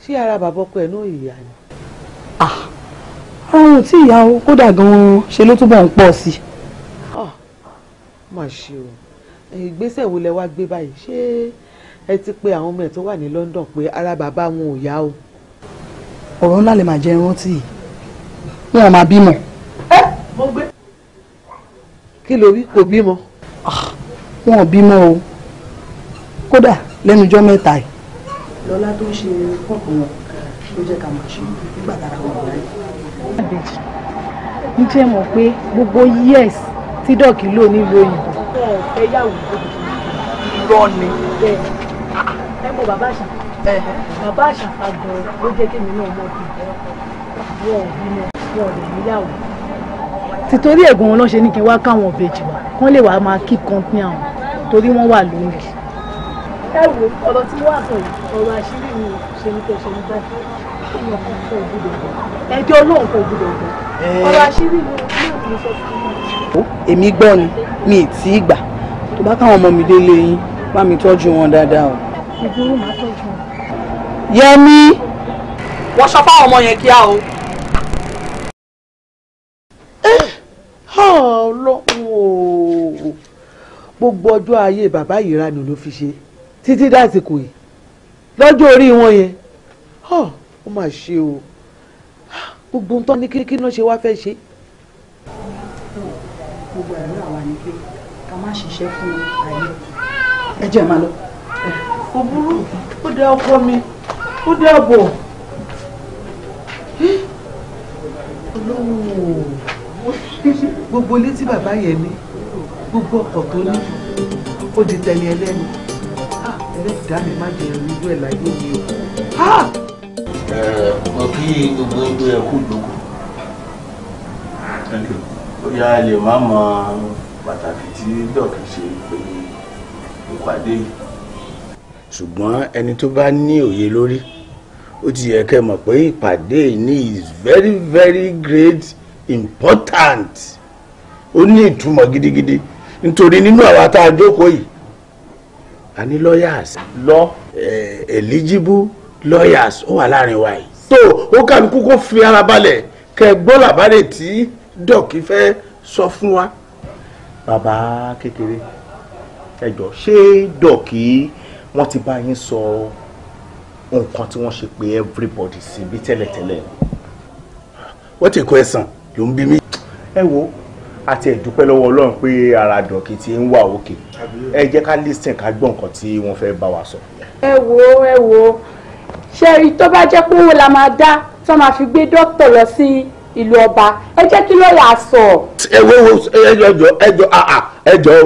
ṣé ara bàbá ọkọ ẹ̀ náà ìyá ni. ah ọrùn tí ìyá o kódà gan-an ṣe ló túbọ̀ ń pọ̀ sí i mà ṣe o ìgbésẹ̀ wo lẹ wá gbé báyìí ṣé ẹ ti pe àwọn ọmọ ẹ̀ tó wà ní London pé ara bàbá wọn ò yá o. ọ̀rọ̀ ńlá lè máa jẹ rántí yìí wọn ò máa bímọ. ẹ mo gbé. kí ló wí kò bímọ. Ah, wọn ò bímọ o kódà lẹ́nu ọjọ́ mẹ́ta yìí. lọ́lá tó ń ṣe pọ́ọ̀pù wọn ló jẹ́ ká máa ṣe nígbà tára wọn ò láyé. ǹjẹ́ mọ̀ pé gbogbo yes tí dọ́ọ̀kì lò nílùú òyìnbó. ọ̀fẹ́ yàwó irọ́ ni. bẹ́ẹ̀ ẹ mọ bàbá àṣà bàbá àṣà àgbọ̀ ló jẹ́ kémi náà mọ̀ bí wọn ò bímọ wọn ò lè níyàwó. tìtorí ẹ̀gbọ́n wọn ló ṣe ní kí n wá káwọn ọ̀bẹ̀jì wá kán lè wàá máa kí kọ́ńpín àwọn torí wọ́n wà lónìí. ẹ wo ọ̀rọ̀ tí wọ́n àtọ̀ ọ̀rọ̀ àṣírí mi ṣe ní kò ṣe báyìí ẹjọ́ ọlọ́run kò gbọdọ̀ gbọ́ ọ̀rọ̀ àṣírí mi náà kì sọ fún mi ó èmi gbọ́ ni mi ì tí gbà tó bá káwọn ọmọ mi délé yín bá mi tọ́jú wọn dáadáa o. ìgboro máa tọ́jú wọn. Yẹmi. wọ́n sọ fáwọn ọmọ yẹn kíá o. Eh! ọlọ́wọ́ gbogbo ọjọ́ ayé bàbá ìranù ló fi ṣe títí dásìkò yìí lọ́jọ́ orí wọn yẹn ó mà ṣe o gbogbo nǹkan ní kíkí náà ṣe wá fẹ́ ṣe gbogbo àdúrà wa ni pé ká má ṣiṣẹ́ fún ayé ẹ jẹ́ máa lọ. kò burú ó dá ọkọ mi ó dá bò olówó gbogbo ilé tí bàbá yẹn ní gbogbo ọkọ̀ tó ní ó di tẹni ẹlẹ́nu ẹlẹ́dàá mi má jẹ irú ẹ̀ láyé mi o. ẹ mo kí gbogbo ẹgbẹ́ ẹ kú lóko. Thank you bóyá ẹ lè má mọ pàtàkì tí dọ́kì ṣe pẹ̀lú ìpàdé yìí. ṣùgbọ́n ẹni tó bá ní òye lórí ó ti yẹ kẹ́ mọ̀ pé ìpàdé ní is very very great important ó ní ìtumọ̀ gidigidi nítorí nínú àwa tá a jókòó yìí a ní lawyers law eligible lawyers ó wà láàrin wa yìí. tó o kàn kúkú fi ara balẹ̀ kẹ́ gbọ́ làbárè tí dọ́kì fẹ́ sọ fún wa bàbá kékeré ẹ jọ̀ọ́ ṣé dọ̀kì wọ́n ti bá yín sọ nǹkan tí wọ́n ṣe pé everybody sí bí tẹ́lẹ̀tẹ́lẹ̀ wọ́n ti kọ́ ẹ̀sán ló ń bí mi. ẹ wo àti ẹ̀dúpẹ́ lọ́wọ́ ọlọ́run pé ara dọ̀kì ti ń wà òkè ẹ jẹ́ ká listen ká gbọ́ nǹkan tí wọ́n fẹ́ bá wa sọ. ẹ wo ẹ wo ṣe rí tó bá jẹ́ pé owó la máa dá tó máa fi gbé dókítà lọ sí ìlú ọba ẹ jẹ́ kí lọ́ọ̀yà sọ. ẹ wo wo ẹjọ ẹjọ àà ẹjọ o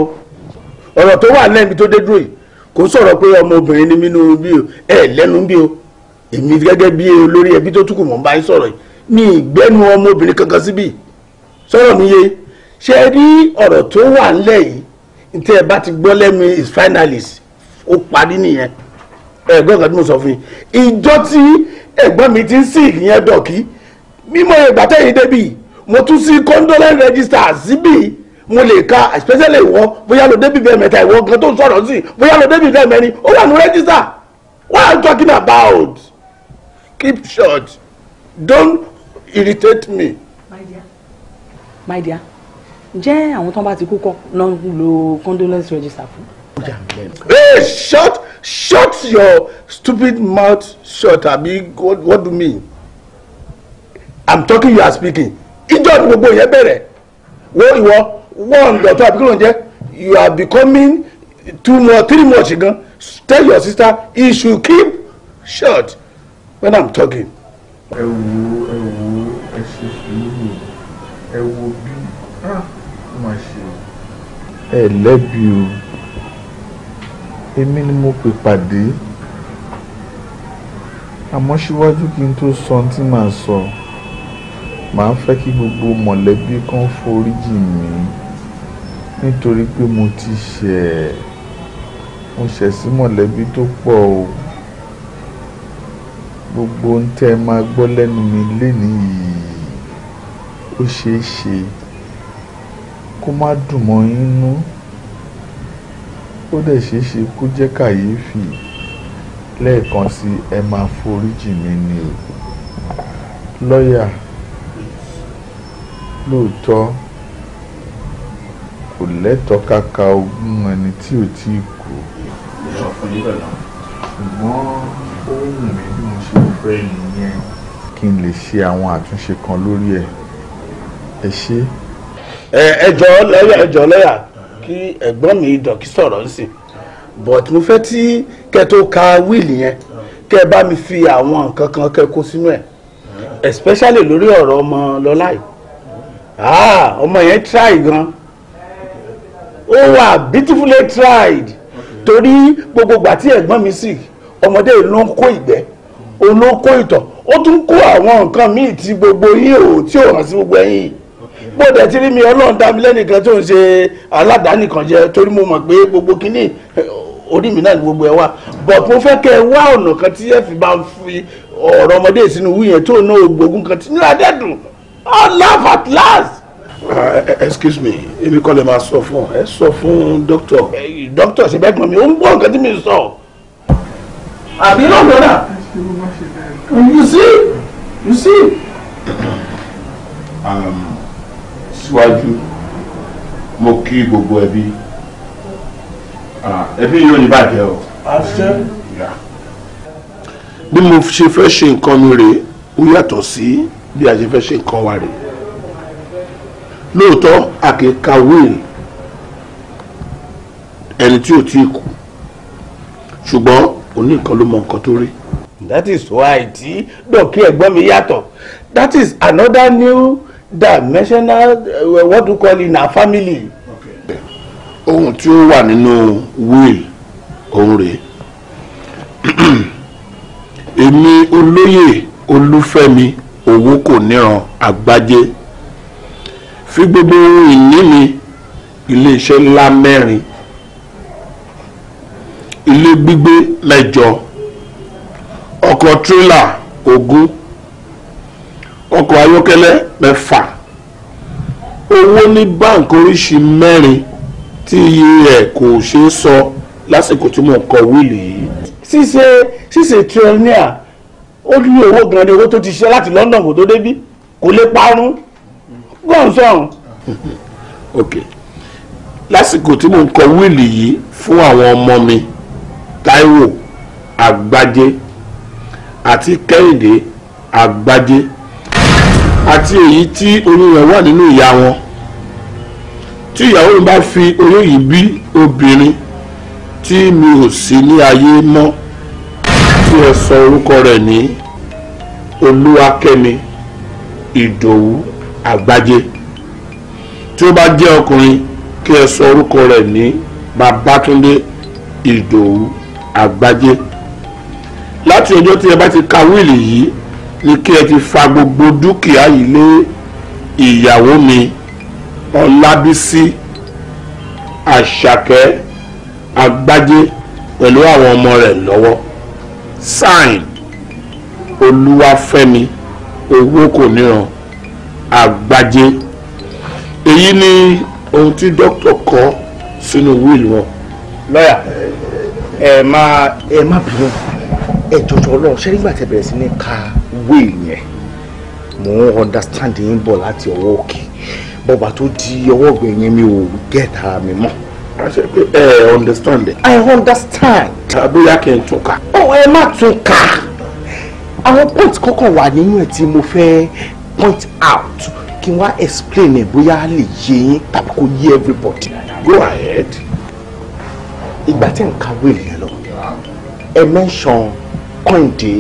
ọ̀rọ̀ tó wà lẹ́yìn tó dé dúró yìí kò sọ̀rọ̀ pé ọmọbìnrin ni mí bí o ẹ lẹ́nu bí o èmi gẹ́gẹ́ bí olórí ẹbí tó túkù mọ̀ ń bá yín sọ̀rọ̀ yìí mi ìgbẹ́nu ọmọbìnrin kankan síbí sọ̀rọ̀ mi yé ṣe rí ọ̀rọ̀ tó wà ńlẹ̀ yìí ntẹ́ ẹ bá ti gbọ́ lẹ́nu is finalist ó parí nìyẹn ẹ̀gbọ́n kan tí mo sọ fún yín ìjọ tí ẹ̀gbọ́n mi ti ń sìn ìyẹn dọ̀kí mímọ ìgbà tẹ̀yìn débi mo tún sí condolence register síbí mo lè ka especially ìwọ bóyá lo débi bẹ́ẹ̀ mẹ́ta ìwọ gan tó ń sọ̀rọ̀ sí bóyá lo débi bẹ́ẹ̀ mẹ́rin ó wà ní register what are you talking about keep short don't irritate me. my dear my dear jẹ́ àwọn tán bá ti kú kọ́ náà ń lo condolence register fún. hey shut shut your stupid mouth shut abi what do you mean i'm talking you are speaking ìjọ ni gbogbo yẹn bẹ̀rẹ̀ wo ìwọ one dọ̀tọ̀ àbí kúrò ń you are becoming two more three more. gan tell your sister he should keep short when i'm talking. ẹ wo ẹ wo ẹ ṣe sùúrù ẹ wo bí ó máa ṣe ẹ lẹ́bi o èmi ni mo pè pàdé àmọ́ síwájú kí n tó sọ ohun tí màá sọ. So màá fẹ́ kí gbogbo mọ̀lẹ́bí kan foríjì mí nítorí pé mo ti ṣẹ̀ mo ṣẹ̀ sí mọ̀lẹ́bí tó pọ̀ o gbogbo ń tẹ́ ẹ máa gbọ́ mi lénìí yìí ó ṣeé ṣe kó má dùn mọ́ yín nú ó dẹ̀ ṣe kó jẹ́ kàyéfì lẹ́ẹ̀kan sí ẹ máa foríjì mí ni o lọ́ọ̀yà lóòótọ́ kò lẹ́tọ̀ọ́ ká ka ogún ẹni tí ò tí ì kú. ṣùgbọ́n ó wù mí bí mo ṣe fẹ́ nìyẹn kí n lè ṣe àwọn àtúnṣe kan lórí ẹ̀ ẹ ṣe. ẹ jọ̀ọ́ lọ́yà ẹ jọ̀ọ́ lọ́yà kí ẹ̀gbọ́n mi dọ̀kí sọ̀rọ̀ ń sìn but mo fẹ́ tí kẹ́ tó ka wíìlì yẹn kẹ́ bá mi fi àwọn nǹkan kan kẹ́ kó sínú ẹ̀ especially lórí ọ̀rọ̀ ọmọ lọ́láì. Ah, ọmọ yẹn try gan ó wà beautifully tried torí gbogbo ìgbà tí ẹ̀gbọ́n mi sì ọmọdé ló ń kó ìgbẹ́ òun ló ń kó ìtọ̀ ó tún kó àwọn nǹkan míì tí gbogbo yín ò tí ò hàn sí gbogbo ẹ̀yin bóde tí rí mi ọlọ́run dá mi lẹ́nìkan tó ń ṣe aládàáni kan jẹ torí mo mọ̀ pé gbogbo kínní orí mi náà ni gbogbo ẹ wá but mo fẹ́ kẹ́ ẹ wá ọ̀nà kan tí ẹ fi bá fi ọ̀rọ̀ ọmọdé sínú wíyẹn tó ná ògbógun kan tí ní adẹ́dùn Oh, laugh at last. Uh, excuse me èmi kọ́ lè máa sọ fún ẹ sọ fún doctor. doctor ṣe bẹ́ẹ̀ gbọ́n mi ó ń gbọ́ nǹkan tí mi sọ. àbí náà you see you see. um, swaju, moki, bobo, gbogbo ẹbí uh, ẹbí yóò ní bàjẹ́ o. àṣẹ. yeah. mo ṣe fẹ́ ṣe nǹkan mi rèé ó yàtọ̀ bí a ṣe fẹ́ ṣe nǹkan wa rèé lóòótọ́ àkèkàwé ẹni tí ò tí ì kú ṣùgbọ́n òní nǹkan ló mọ nǹkan tó rí. that is why tí dọ̀kí ẹ̀gbọ́n mi yàtọ̀ that is another new dimensional uh, what do you call it na family. ohun tí ó wà nínú will òun rèé (clears throat) èmi olóyè olúfẹ́mi owó kò níran àgbájé fi gbogbo ohun ìní mi iléeṣẹ́ ńlá mẹ́rin ilé gbígbé mẹ́jọ ọkọ̀ tírélà ogún ọkọ̀ ayọ́kẹ́lẹ́ mẹ́fà owó ní báǹkì oríṣi mẹ́rin tí iye rẹ̀ kò ṣeé sọ lásìkò tí mo ń kọ wíìlì yìí. ṣíṣe ṣíṣe trillionaire ó ní owó gan ni owó tó ti ṣe láti London kò tó débí kò lè parun gbọ́n sọ̀rùn. ok lásìkò tí mo ń kọ wíìlì yìí fún àwọn ọmọ mi Táíwò Àgbájé àti Kẹ́hìndé Àgbájé àti èyí tí oyún rẹ̀ wà nínú ìyá wọn tí ìyàwó mi bá fi oyún yìí bí obìnrin tí mi ò sí ní ayé mọ́ tí ẹ sọ orúkọ rẹ̀ ní olúwakẹ́mi ìdòwú àgbájé tí ó bá jẹ́ ọkùnrin kí ẹ sọ orúkọ rẹ̀ ní babátúndé ìdòwú àgbájé láti ọjọ́ tí ẹ bá ti ka wíìlì yìí ni kí ẹ ti fa gbogbo dúkìá yìí lé ìyàwó mi ọlábísí àṣàkẹ́ àgbájé pẹ̀lú àwọn ọmọ rẹ̀ lọ́wọ́ sign olúwàfẹ́mi owó kò níran àgbájé èyí ni ohun tí dókítà kọ sínú wíìlì wọn. lọ́yà ẹ máa ẹ má bínú ẹ jọjọ Ọlọ́run ṣé nígbà tẹ́ bẹ̀rẹ̀ sí ní ka wíìlì yẹn mò ń understand yín bọ̀ láti ọwọ́ òkè bọ́ba tó di ọwọ́ gbẹ̀yìn mi ò gẹ̀ẹ́ta mi mọ́. ẹ understand. I understand. tàbí yá kí n tún kà. ọ oh, ẹ má tún kà àwọn point kọ́kọ́ wà nínú ẹ̀ tí mo fẹ́ point out kí n wá explain ẹ̀ bóyá a lè yé yín tàbí kó yé everybody go ahead. ìgbà tí n kàwé yẹn lọ ẹ mention Kẹ́hìndé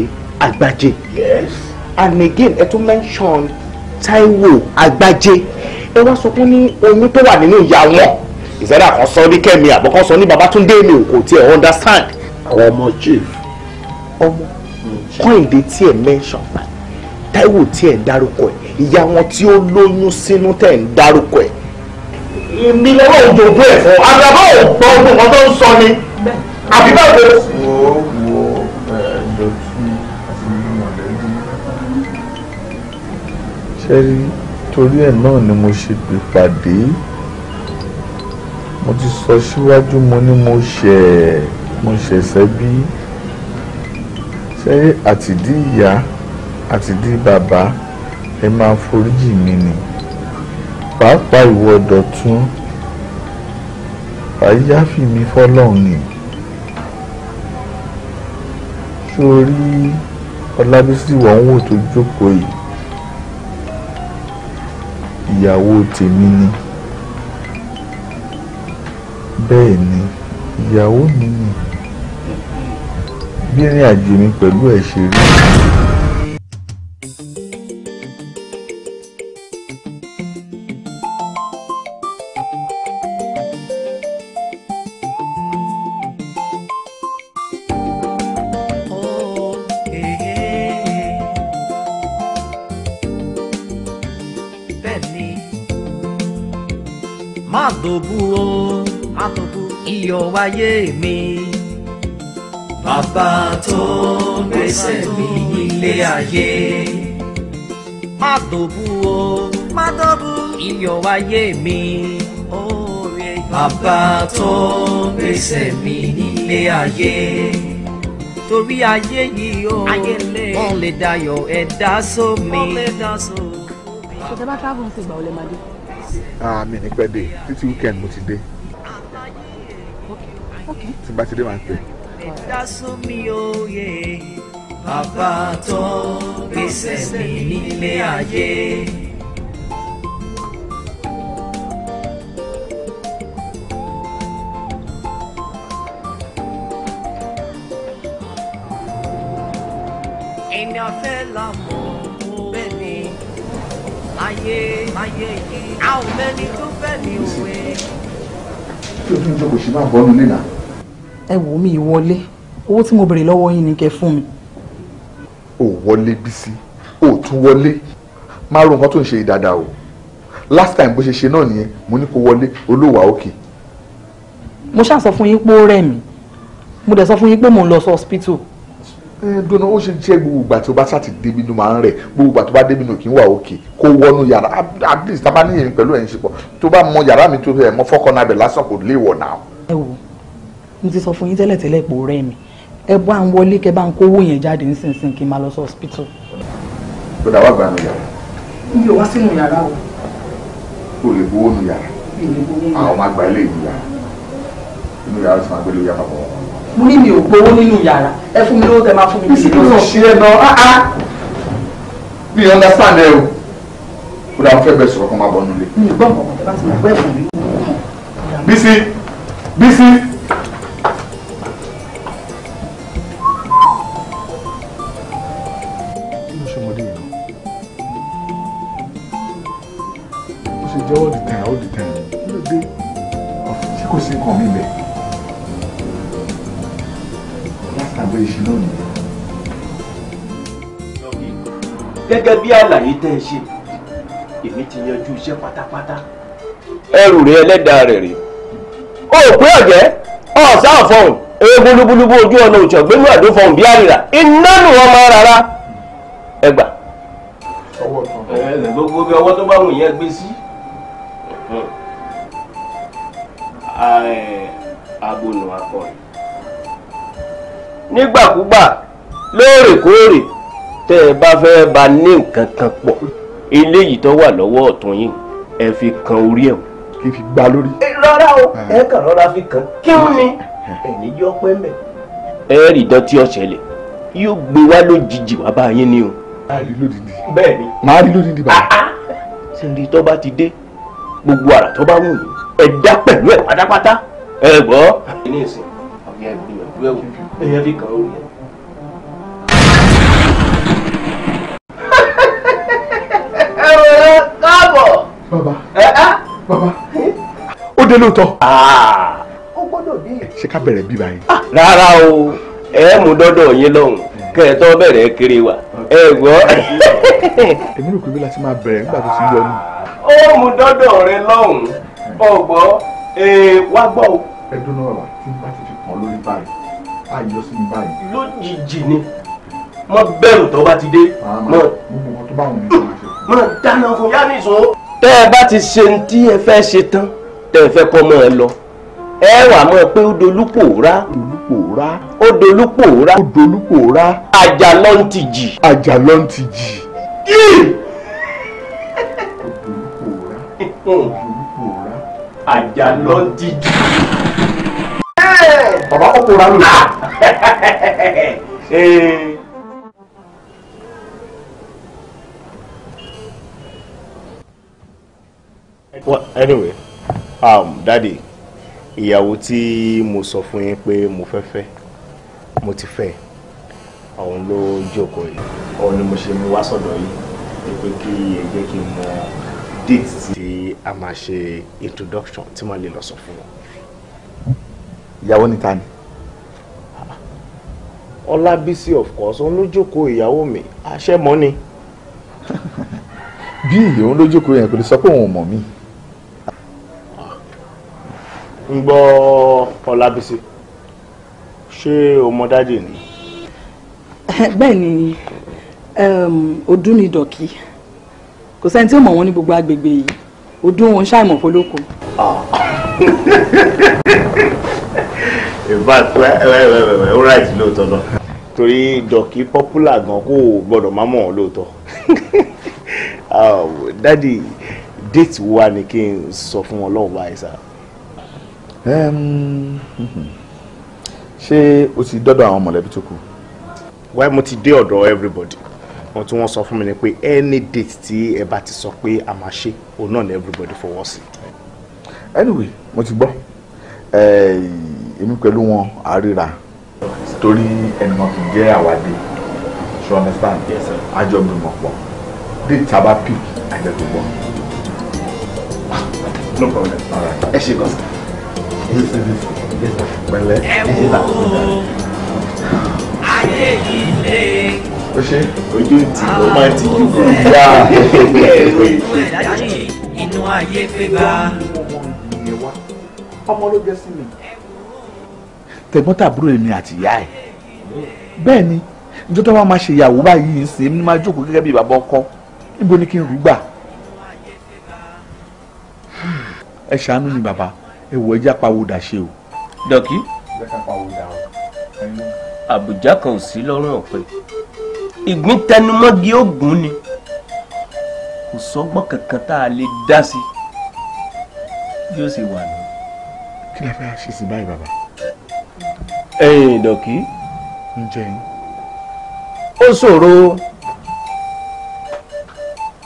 Àgbájé yes. and again ẹ tún mention Táíwò Àgbájé ẹ wá sọ fún ní oyún tó wà nínú ìyá wọn ìsẹ́dá kan sọ ní kẹ́mi àbọ̀kan sọ ní Babátúndé mi ò kò tiẹ̀ understand. àwọn ọmọ chief. ọmọ kọ́hìndé tí ẹ̀ mẹ́ńsàn pa táíwò tí ẹ̀ ń dárúkọ ẹ̀ ìyá wọn tí ó lóyún sínú tẹ̀ ń dárúkọ ẹ̀. èmi lọ́wọ́ òjòjò ẹ̀ fún àgbàbọ̀ ògbọ́ ogun kan tó ń sọ ni àbí báwo. wo wo ẹ̀ẹ́dọ̀tí àti mọ̀lẹ́bí. ṣé rí torí ẹ̀ náà ni mo ṣe pàdé mo ti sọ síwájú mo ní mo ṣẹ̀ mo ṣẹ̀ṣẹ̀ bí ṣé àtìdí ìyá àtìdí bàbá ẹ máa foríjì mi ni pàápàá ìwọ Dọ̀tun fàyíyáfì mi fọlọ́run ni sórí Ọlábísí wọ́n ń wò tó jókòó yìí ìyàwó tèmi ni bẹ́ẹ̀ ni ìyàwó mi ni bí ìrìn àjò mi pẹ̀lú ẹ̀ ṣe rí. Má dòbu o, má dòbu iyọ̀ wáyé mi ọba tó gbèsè mi nílé ayé. má dòbu o má dòbu iyọ̀ ayé mi oore bàbá tó ayé torí ayé yìí o wọ́n lè dayọ̀ ẹ̀dá sómi. ṣètò bá travel ń pè gbà ó lè máa dé. mi ní pẹ́ dé títí weekend mo ti dé tí bá ti dé máa ń pè wá sún mi òye. Bàbá tó gbèsè mi nílé ayé. Ẹni afẹ́ la mọ̀ bẹ́ẹ̀ ni ayé ayé yìí. A ò mẹ́ni tó fẹ́ ni òwe. Kí o tún jókòó ṣe máa bọ́nu nílà. Ẹ wò mí wọlé owó tí mo béèrè lọ́wọ́ yín ni kẹ́ fún mi. ò wọlé Bísí ò tún wọlé máa ro nǹkan tó ń ṣe dáadáa o last time bó ṣe ṣe náà nìyẹn mo ní kó wọlé olówà òkè. mo ṣáà sọ fún yín pé ó rẹ̀ mí mo dẹ̀ sọ fún yín pé mò ń lọ sí hospital. ẹ dọ́nà ó ṣe jẹ́ gbogbo ìgbà tí o bá ṣàti débi inú máa ń rẹ̀ gbogbo ìgbà tó bá débi inú kì í wà òkè kó wọnú yàrá at least tábà ní èmi pẹ̀lú ẹ̀yìn ṣepọ̀ tó bá mọ yàrá mi tó fẹ́ mọ fọ́kànnà bẹ̀ lásán kò léèwọ̀ náà. ẹ wo mo ti sọ fún yín tẹ́lẹ̀tẹ́lẹ̀ pé ó rẹ̀ mí ẹ bá ń wọlé kẹ bá ń kówó yẹn jáde nísinsìnyí kí n máa lọ sí hospital. ó dà wá gbanú yàrá. mi ò wá sínú yàrá o. o lè gbowó nu yàrá. àwọn máa gba ilé ìlú yàrá inú yàrá ti máa gbé lórí àpapọ̀ wọn. mo ní mi ò gbowó nínú yàrá ẹ fún mi lówó tẹ máa fún mi. ìsìnkú ló ṣe é náà mi ò understand ẹ o kó dáa fẹ́ bẹ sọ̀rọ̀ kó má bọ̀ nulẹ̀. mi ò gbọ́ mọ̀ bẹ́ẹ̀ fún mi. Bísí Bísí. gẹ́gẹ́ bí àlàyé tẹ́ ẹ ṣe èmi ti yanjú iṣẹ́ pátápátá. ẹrù rẹ ẹlẹ́dàá rẹ̀ rè ó pé ọ̀jẹ́ ọ̀sán àfọ̀hùn ewé búlúbúlúbú ojú ọ̀nà òṣègbélú àdó bí àrìrà iná nù wọn máa rárá ẹ gbà. gbogbo bí ọwọ́ tó bá wù yẹn gbé sí. agbónú akọrin. nígbàkúgbà lóòrèkóòrè tẹ́ ẹ bá fẹ́ bá ní nǹkan kan pọ̀ eléyìí tó wà lọ́wọ́ ọ̀tún yìí ẹ fi kan orí ẹ̀ kí n fi gbá lórí. rárá o ah. ẹ kàn rọra fi kàn kí n ní eh. ẹ̀yìn yọ pẹ́ mẹ́. ẹ rí ìdán tí ó ṣẹlẹ̀ yóò gbé wá lójijì wá bá yín ni o. máa rí lódìdí. bẹ́ẹ̀ máa rí lódìdí báyìí. Ah, ah. tí tó bá ti dé gbogbo àrà tó bá wù yín ẹ dá pẹ̀lú ẹ̀ pátápátá ẹ gbọ́. ilé ìsìn àwọn ẹgbẹ́ ìgbìyànjú ẹ̀ wò ẹ̀yẹ́ fi kàn ó ẹ bàbá bàbá ó dé lóòótọ́. Ah. ó gbọ́dọ̀ bí. ṣé ká bẹ̀rẹ̀ bí báyìí. Ah, rárá o ẹ mú dọ́dọ̀ yín lọ́hùn kẹ́ ẹ tó bẹ̀rẹ̀ kiri wa ẹ gbọ́. èmi rò pé bí láti máa bẹ̀rẹ̀ nígbà tó ti yọ ni. ó mú dọ́dọ̀ rẹ lọ́hùn ọgbọ́ wá gbọ́ o. ẹ dúró ọ̀rọ̀ tí n bá ti fi pọ̀ lórí báyìí báyìí lọ sí mi báyìí. lójijì ni mo bẹ̀rù tó bá ti dé. màmá gbogbo nǹkan tó bá wù mo dáná fún yá nìṣó tẹ́ ẹ bá ti ṣe ní tí ẹ fẹ́ ṣe tán tẹ́ ẹ fẹ́ kọ́ mọ́ ẹ lọ ẹ wà mọ́ pé ó dolúpòórá dolúpòórá ó dolúpòórá ó dolúpòórá àjà ló ń ti jì àjà ló ń ti jì yìí dolúpòórá dolúpòórá àjà ló ń ti jì. bàbá kò kóra lò. (laughs) well anyway um, daddy ìyàwó tí mo sọ fún yín pé mo fẹ́ fẹ́ mo ti fẹ́ òun ló jókòó yìí òun ni mo ṣe mú wá sọ̀dọ̀ yìí pé kí ẹ jẹ́ kí n mọ date tí a máa ṣe introduction tí màá lè lọ sọ fún wọn. ìyàwó ni ta ni. Ọlábísí of course òun ló jókòó ìyàwó mi àṣẹ mọ́ ni. (laughs) bí òun ló jókòó yẹn kò lè sọ pé òun ò mọ̀ mí ń gbọ́ Ọlábísí ṣé o mọ dáàdì ni. (laughs) bẹ́ẹ̀ ni ọdún um, ni dọ̀kí kò sẹ́ni tí ó mọ̀ wọ́n ní gbogbo agbègbè yìí ọdún wọn ṣàìmọ̀ fọlọ́kọ. ìbá ó ráìtì lóòótọ́ náà. torí dọ̀kí popular gan kó o gbọ́dọ̀ má mọ̀ ọ́n lóòótọ́ (laughs) ah, dáàdì déètì wa ni kí n sọ fún wọn báyìí sáà. (laughs) ṣé o ti dọ́dọ̀ àwọn mọ̀lẹ́bí tó kù. wáyé mo ti dé ọ̀dọ̀ everybody wọn tí wọ́n sọ fún mi ni pé any date tí ẹ bá ti sọ pé a máa ṣe òun náà ni everybody fọwọ́ sí. anyway mo ti gbọ́ èmi pẹ̀lú wọn àríra torí ẹnìkan kì í jẹ́ àwàdé you understand àjọ gbìmọ̀ pọ̀ date tá a bá pick àjọ tó gbọ́. Ah, no problem ẹ ṣe gan pẹ̀lẹ́ ayé yìí lè ó ṣe ojú ti tẹ̀gbọ́n-tàbúrò èmi àti ìyá ẹ̀ bẹ́ẹ̀ ni nítorí wọn máa ṣe ìyàwó báyìí ń sìn ní máa jókòó gẹ́gẹ́ bí bàbá ọkọ níbo ni kí n rú hmm, ẹ ṣàánú ni bàbá ẹwọ ẹjẹ apawòdà ṣe o. dọ́kì. àbùjá kan ò sí lọ́rùn ọ̀pẹ ìgbín tẹnumọ́gi ògùn ni kò sọ́gbọ́n kankan tá a lè dá sí yóò sì wà ní. kí la fẹ́ ṣe sí báyìí bàbá. ẹ̀yin dọ́kì. ń jẹ yín. ó ṣòro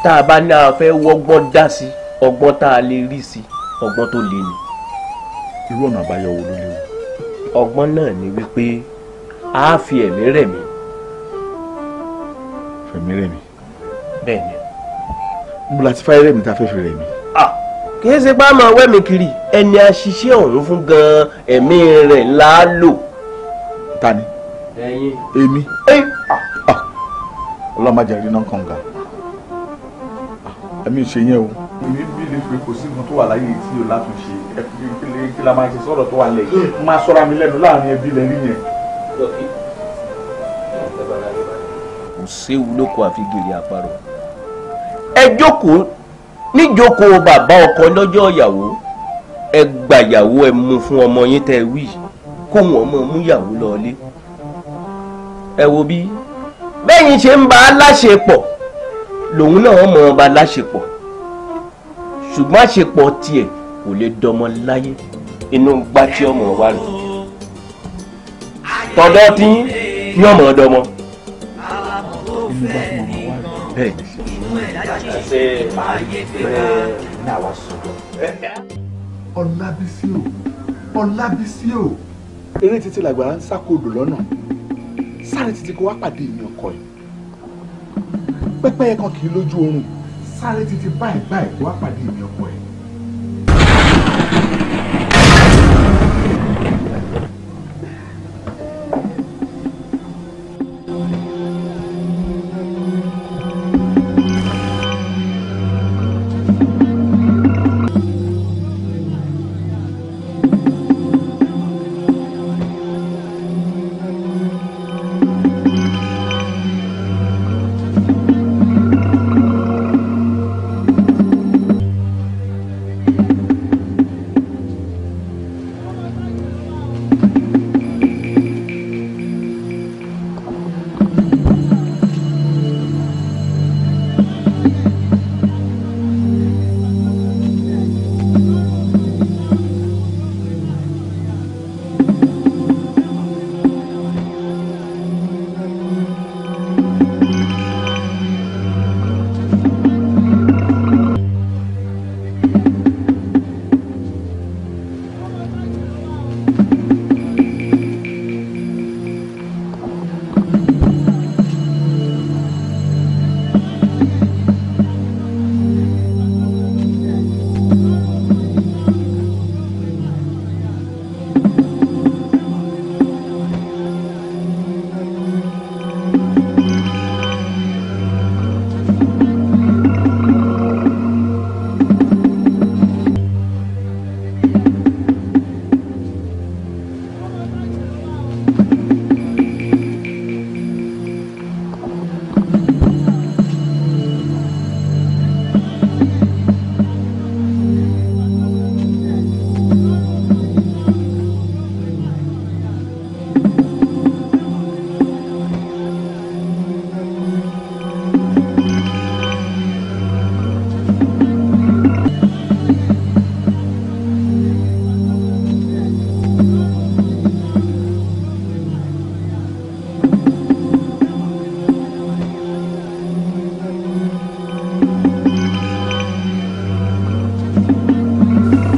tá a bá ní a fẹ́ wọ́gbọ́n dá sí ọgbọ́n tá a lè rí sí ọgbọ́n tó le ni irú ọ̀nà àbáyọ wo ló léwu. ọgbọ́n náà ni wípé a fi ẹ̀mí rẹ̀ mí. fẹ̀mí rẹ̀ mí. bẹ́ẹ̀ni. mo láti fáyé rẹ̀ mí tá a fẹ́ fi rẹ̀ mí. kì í ṣe pé a máa wẹ́ mi kiri ẹni àṣìṣe ọ̀hún fún gan-an ẹ̀mí rẹ̀ ńlá lò. ta ni. ẹyin. èmi. ọlọ́mọ jẹ̀rí náà kàn ga ẹ̀mí ṣe yẹn o. èmi bí lè fi kò sí nǹkan tó wà láyé tí o látúnṣe ẹ fi la máa ṣe sọ̀rọ̀ tó wà lẹ̀ máa sọ́ra mi lẹ́nu láàrin ẹbí lẹ́rí yẹn. kò séwu lóko àfi gèrè àparò ẹ jókòó níjókòó bàbá ọkọ lọ́jọ́ ìyàwó ẹ gbàyàwó ẹ mú fún ọmọ yín tẹ wí kó wọn mọ mú ìyàwó lọlé ẹ wo bí bẹ́yìn ṣe ń ba aláṣepọ̀ lòun náà mọ̀ ọ́n aláṣepọ̀ ṣùgbọ́n àṣepọ̀ tiẹ̀ kò lè dọmọ láyé inú gbá tí ọmọ wa rè tọ̀dọ̀ tí ní ọmọ ọdọmọ. bẹ́ẹ̀ ṣe ní àwa sọ̀rọ̀. ọlábísí o ọlábísí o eré títí làgbàrá ń sákodò lọ́nà sáré títí kó wá pàdé ìní ọkọ yìí pẹ́pẹ́yẹ kan kì í lójú oorun sáré títí báyìí báyìí kó wá pàdé ìní ọkọ yìí.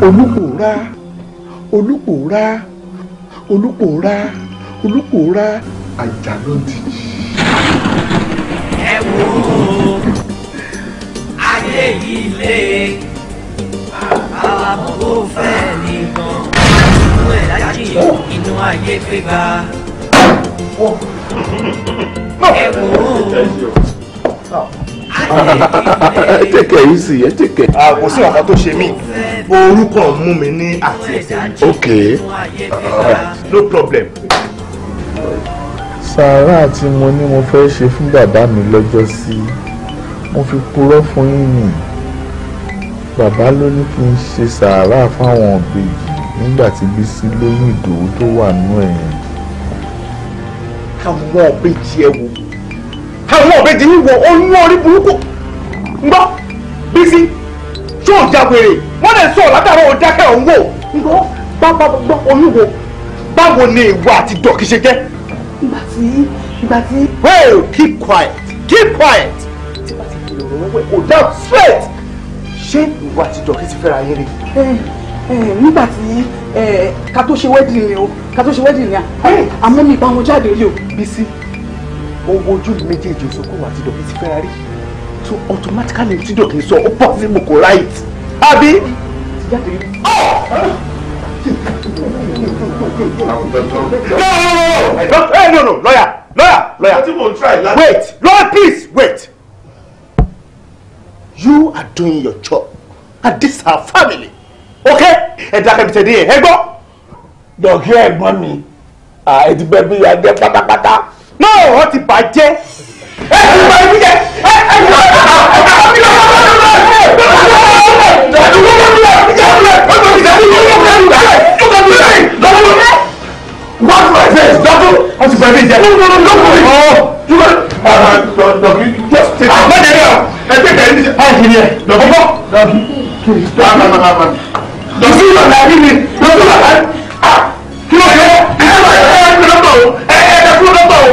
olúpòórá olúpòórá olúpòórá olúpòórá àjàlódì. ẹ wo ayé yìí lé bàbá wa kó fẹ́ nìkan inú ẹ̀ lájì inú ayé gbégbá. Oh. ẹ wo tẹ̀kẹ̀ yìí sì yẹ tẹ̀kẹ̀. kò sí ọ̀kan tó ṣe mí orúkọ mú mi ní àti ẹsẹ̀ méjì. ok no problem. sàárà tí mo ní mo fẹ́ ṣe fún bàbá mi lọ́jọ́ sí mo fi purọ́ fún yín nì bàbá ló ní kí n ṣe sàárà fáwọn òbejì nígbà tí Bísí lóyún Ìdòwú tó wà nú ẹ̀yìn. àwọn òbejì ẹ wò àwọn ọ̀bẹ ti yín wọ oyún orí burúkú ńgbọ́ bísí tí ò jagbèrè wọ́n lè sọ̀rọ̀ látàrọ̀ ò dákẹ́ òun wò ńgbọ́ gbọ́ oyún wo báwo ni ìwà àti dọ̀kì ṣe jẹ́. ìgbà tí ìgbà tí. well keep quiet keep quiet tí bá ti kìlọ̀ ọ̀rọ̀ wẹ̀ kò dá straight ṣé ìwà àti dọ̀kì ti fẹ́ra yín rí. nígbà tí ká tó ṣe wedding ni o ká tó ṣe wedding ni a àmọ́ mi bá wọn jáde rí o bísí ó wojú méjèèjì Òṣókòwò àti Dọ̀kì ti fẹ́ra rí so automatically tí Dọ̀kì sọ ó possible kò right àbí. no no no no no no lawyer lawyer lawyer wait lawyer please wait you are doing your job and this our family okay ẹ dákẹ́ bí tẹ̀lé ẹ gbọ́. Dọ̀kì ẹ̀gbọ́n mi ẹ̀dùgbẹ́ bí adé pátápátá náà ọ̀rọ̀ ti bàjẹ́ ẹ ẹ ìgbà ìbí jẹ ẹ ẹ ìgbà ìbí jẹ What's my face, doctor? What's my face? No, no, no, no, no. Oh, you got it. Uh, doctor, just take it. Ah, not there. I take it. I hear you. Doctor, doctor. Doctor, doctor. Doctor, doctor. Doctor, doctor.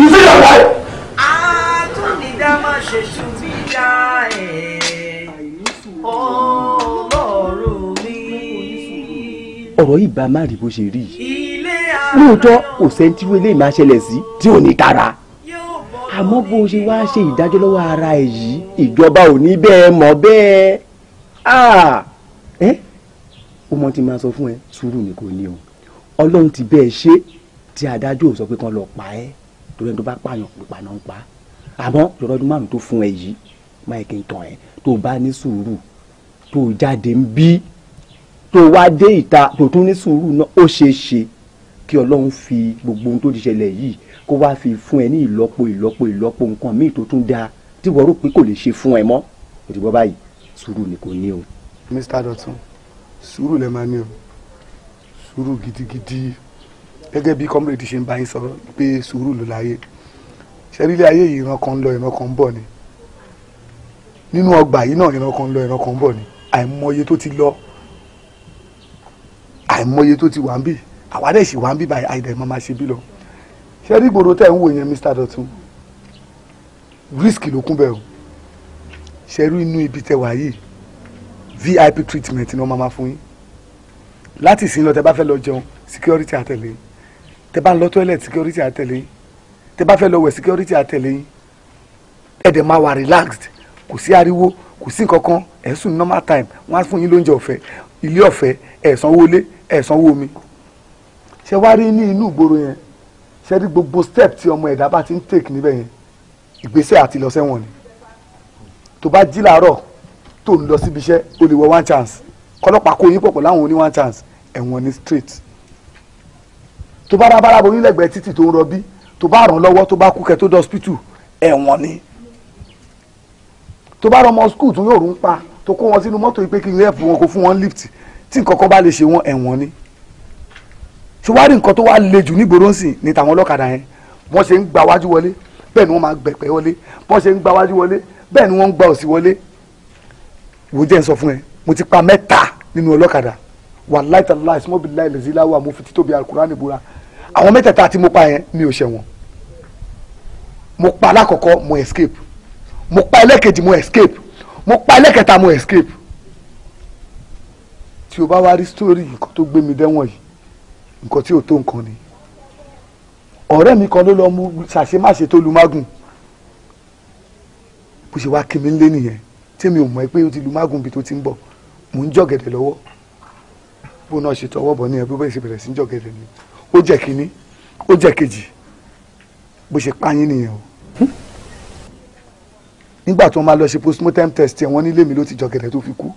You see your life. ọ̀rọ̀ yìí bá má rí bó ṣe rí yìí lóòótọ́ kò sẹ́ńtírú eléyìí máa ṣẹlẹ̀ sí tí ò ní tara àmọ́ bó ṣe wá ṣe ìdájọ́ lọ́wọ́ ara ẹ̀ yìí ìjọba ò ní bẹ́ẹ̀ mọ̀ bẹ́ẹ̀ ah! ẹ́ ó mọ ti máa sọ fún ẹ sùúrù ni kò ní o ọlọ́run ti bẹ́ẹ̀ ṣe tí adájọ́ ò sọ pé kán lọ pa ẹ́ torí ẹni tó bá pààyàn pípa náà ń pa àmọ́ yọ̀rọ̀ ọdún márùn tó fún ẹ yìí máa kí n tàn ẹ́ tó bá ní sùúrù tó jáde ń bí tó wá dé ìta tó tún ní sùúrù náà ó ṣeé ṣe kí ọlọ́run fi gbogbo ohun tó ti ṣẹlẹ̀ yìí kó wá fi fún ẹ ní ìlọ́po ìlọ́po ìlọ́po nǹkan míì tó tún dáa tí wọ́n rò pé kò lè ṣe fún ẹ mọ́ ó bọ́ báyìí sùúrù ni kò ní o. Mr. Dotun sùúrù lè máa ní o sùúrù gidigidi gẹ́gẹ́ bí comrade ṣe ń bá yín sọ̀rọ̀ pé sùúrù ló láyé ṣẹ́rílẹ̀ ayé yìí ìran kan ń lọ ìran kan ń bọ̀ ni nínú ọgbà yìí náà ìran kan ń lọ ìran kan ń bọ̀ ni àìmọye tó ti lọ àìmọye tó ti wà ń bì àwa dẹ̀ sì wà ń bì báyìí àìdẹ̀ máa máa ṣe bí lọ ṣẹ́rí ìgboro tẹ̀ ń wò yẹn Mr. Dọ̀tun risk ló kún bẹ́ẹ̀ o inú ibi tẹ̀ wá yìí VIP treatment ni wọ́n máa máa fún yín láti ìsìn lọ tẹ́ bá fẹ́ lọ jẹun security àtẹ̀lé yìí tẹ bá ń lọ toilet security àtẹ̀lé yín tẹ bá fẹ́ lọ wẹ̀ security àtẹ̀lé yín ẹ dẹ̀ máa wà relaxed kò sí ariwo kò sí kankan ẹ̀ sùn normal time wọ́n á fún yín lóúnjẹ ọ̀fẹ́ ilé ọ̀fẹ́ ẹ̀ sanwó ilé ẹ̀ sanwó omi ṣe wá rí ní inú ìgboro yẹn ṣe rí gbogbo step tí ọmọ ẹ̀dá bá ti ń take níbẹ̀ yẹn ìgbésẹ̀ àti ìlọsẹ̀wọ̀n ni tó bá jí làárọ̀ tó ń lọ síbi iṣẹ́ o lè wọ one chance kọ́lọ́pàá kó yín pọ̀ láwọn oní one chance ẹ̀wọ̀n ní street tó bá rábára bo nílẹ̀gbẹ̀ẹ́ títì tó ń rọbí tó bá ràn lọ́wọ́ tó bá kú kẹ́ tó dọ̀ hospital ẹ̀wọ̀n ni tó bá rọmọ skul tó yóò rún pa tó kó wọn sínú mọ́tò pé kí n help wọn kó fún wọn lift tí nǹkan kan bá lè ṣe wọn ẹ̀wọ̀n ni ṣùwárí nǹkan tó wá le jù nígboro ń sìn ní tàwọn ọlọ́kadà yẹn wọ́n ṣe ń gba wájú wọlé bẹ́ẹ̀ ni wọ́n máa gbẹ̀pẹ̀ wọlé wọ́n ṣe ń gba wájú wọlé bẹ́ẹ̀ ni wọ́n ń gba òsì wọlé wò jẹ́ ń sọ fún ẹ mo ti pa mẹ́ta nínú ọlọ́kadà wàláìtàláì small bill láì lè sí láwà mo fi títóbi alukurani àwọn mẹ́tẹ̀ẹ̀ta tí mo pa yẹn mi ò ṣẹ̀wọ̀n mo pa alákọ̀ọ́kọ́ mo escape mo pa ẹlẹ́kejì mo escape mo pa ẹlẹ́kẹta mo escape tí o bá wá rí sítórì nǹkan tó gbé mi dẹ́wọ̀n yìí nǹkan tí ò tó nǹkan ni ọ̀rẹ́ mi kan ló lọ mú ṣàṣemáṣe tó lu mágùn bó ṣe wá kí mi lé nìyẹn tí mi ò mọ̀ pé ó ti lu mágùn bí tó ti ń bọ̀ mò ń jọ̀gẹ̀dẹ̀ lọ́wọ́ bó náà ṣe tọwọ́ bọ̀ ní bí bẹ́ẹ̀ bẹ̀rẹ̀ sí ń jọ̀gẹ̀dẹ̀ nìyẹn ó jẹ́ kínní ó jẹ́ kejì bó ṣe pa yín nìyẹn o nígbà tí wọ́n máa lọ ṣe postmortem test ẹ̀ wọ́n nílé mi ló ti jọ̀gẹ̀dẹ̀ tó fi kú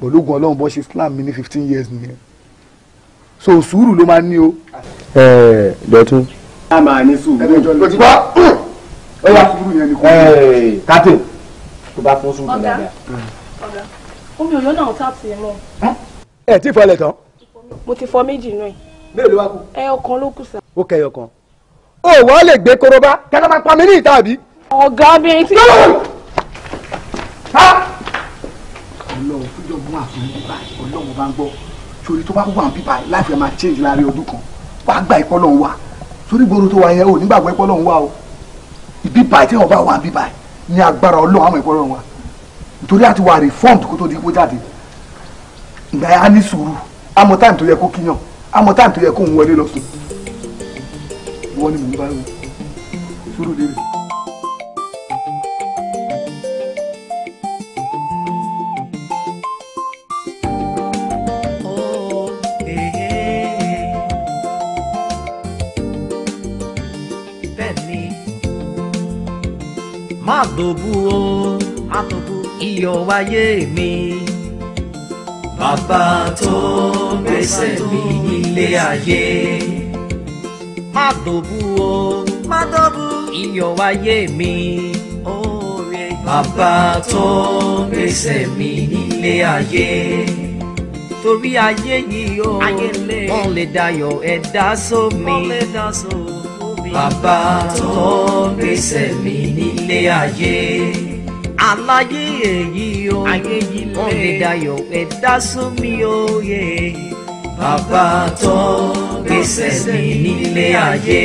pẹ̀lúgun ọlọ́run bọ́ ṣe slam mi ní fifteen years nìyẹn so sùúrù ló máa ní o. ẹ ẹ dọ̀tún. a máa ní sùúrù ló ti bá ó yà sùúrù yẹn ni kò ní. kátó tó bá fún sùúrù dáadáa. ọ̀gá omi òyìnbó náà táàpù yẹn mọ́. ẹ ti fọ ilẹ̀ tán. mo ti fọ méjì náà. bẹ́ẹ̀ ló wá ẹ ọkàn ló kù sá. ó koroba kẹkẹ máa pa mí ní ìta àbí. ọ̀gá bí i ha ọlọ́run fúnjọ mú àfihàn bíbá ọlọ́run bá ń gbọ́ torí tó bá wà bíbá láìpẹ́ máa change láàrin ọdún kan wàá gba ìpọ́ lọ́hún wa torí gbòòrò tó wà yẹn nígbàgbọ́ o ìbíbá tí wọn bá wà bíbá agbára wa àmọ́ táà tó yẹ kóun wọlé lọ sùn wọ́n ni mò ń bá wọn sùúrù délé. má dòbu o má dòbu iyọ̀ wáyé mi bàbá tó gbèsè mi nílé ayé. má dòbu o má dòbu iyọ̀ wáyé mi. bàbá tó gbèsè mi nílé ayé. torí ayé yìí o wọ́n lè dayọ̀ ẹ̀dá sómi. bàbá tó gbèsè mi nílé ayé èyí o ayé yìí lè òǹdè dayọ̀ ẹ̀dá sómi òye. bàbá tó gbèsè mi nílé ayé.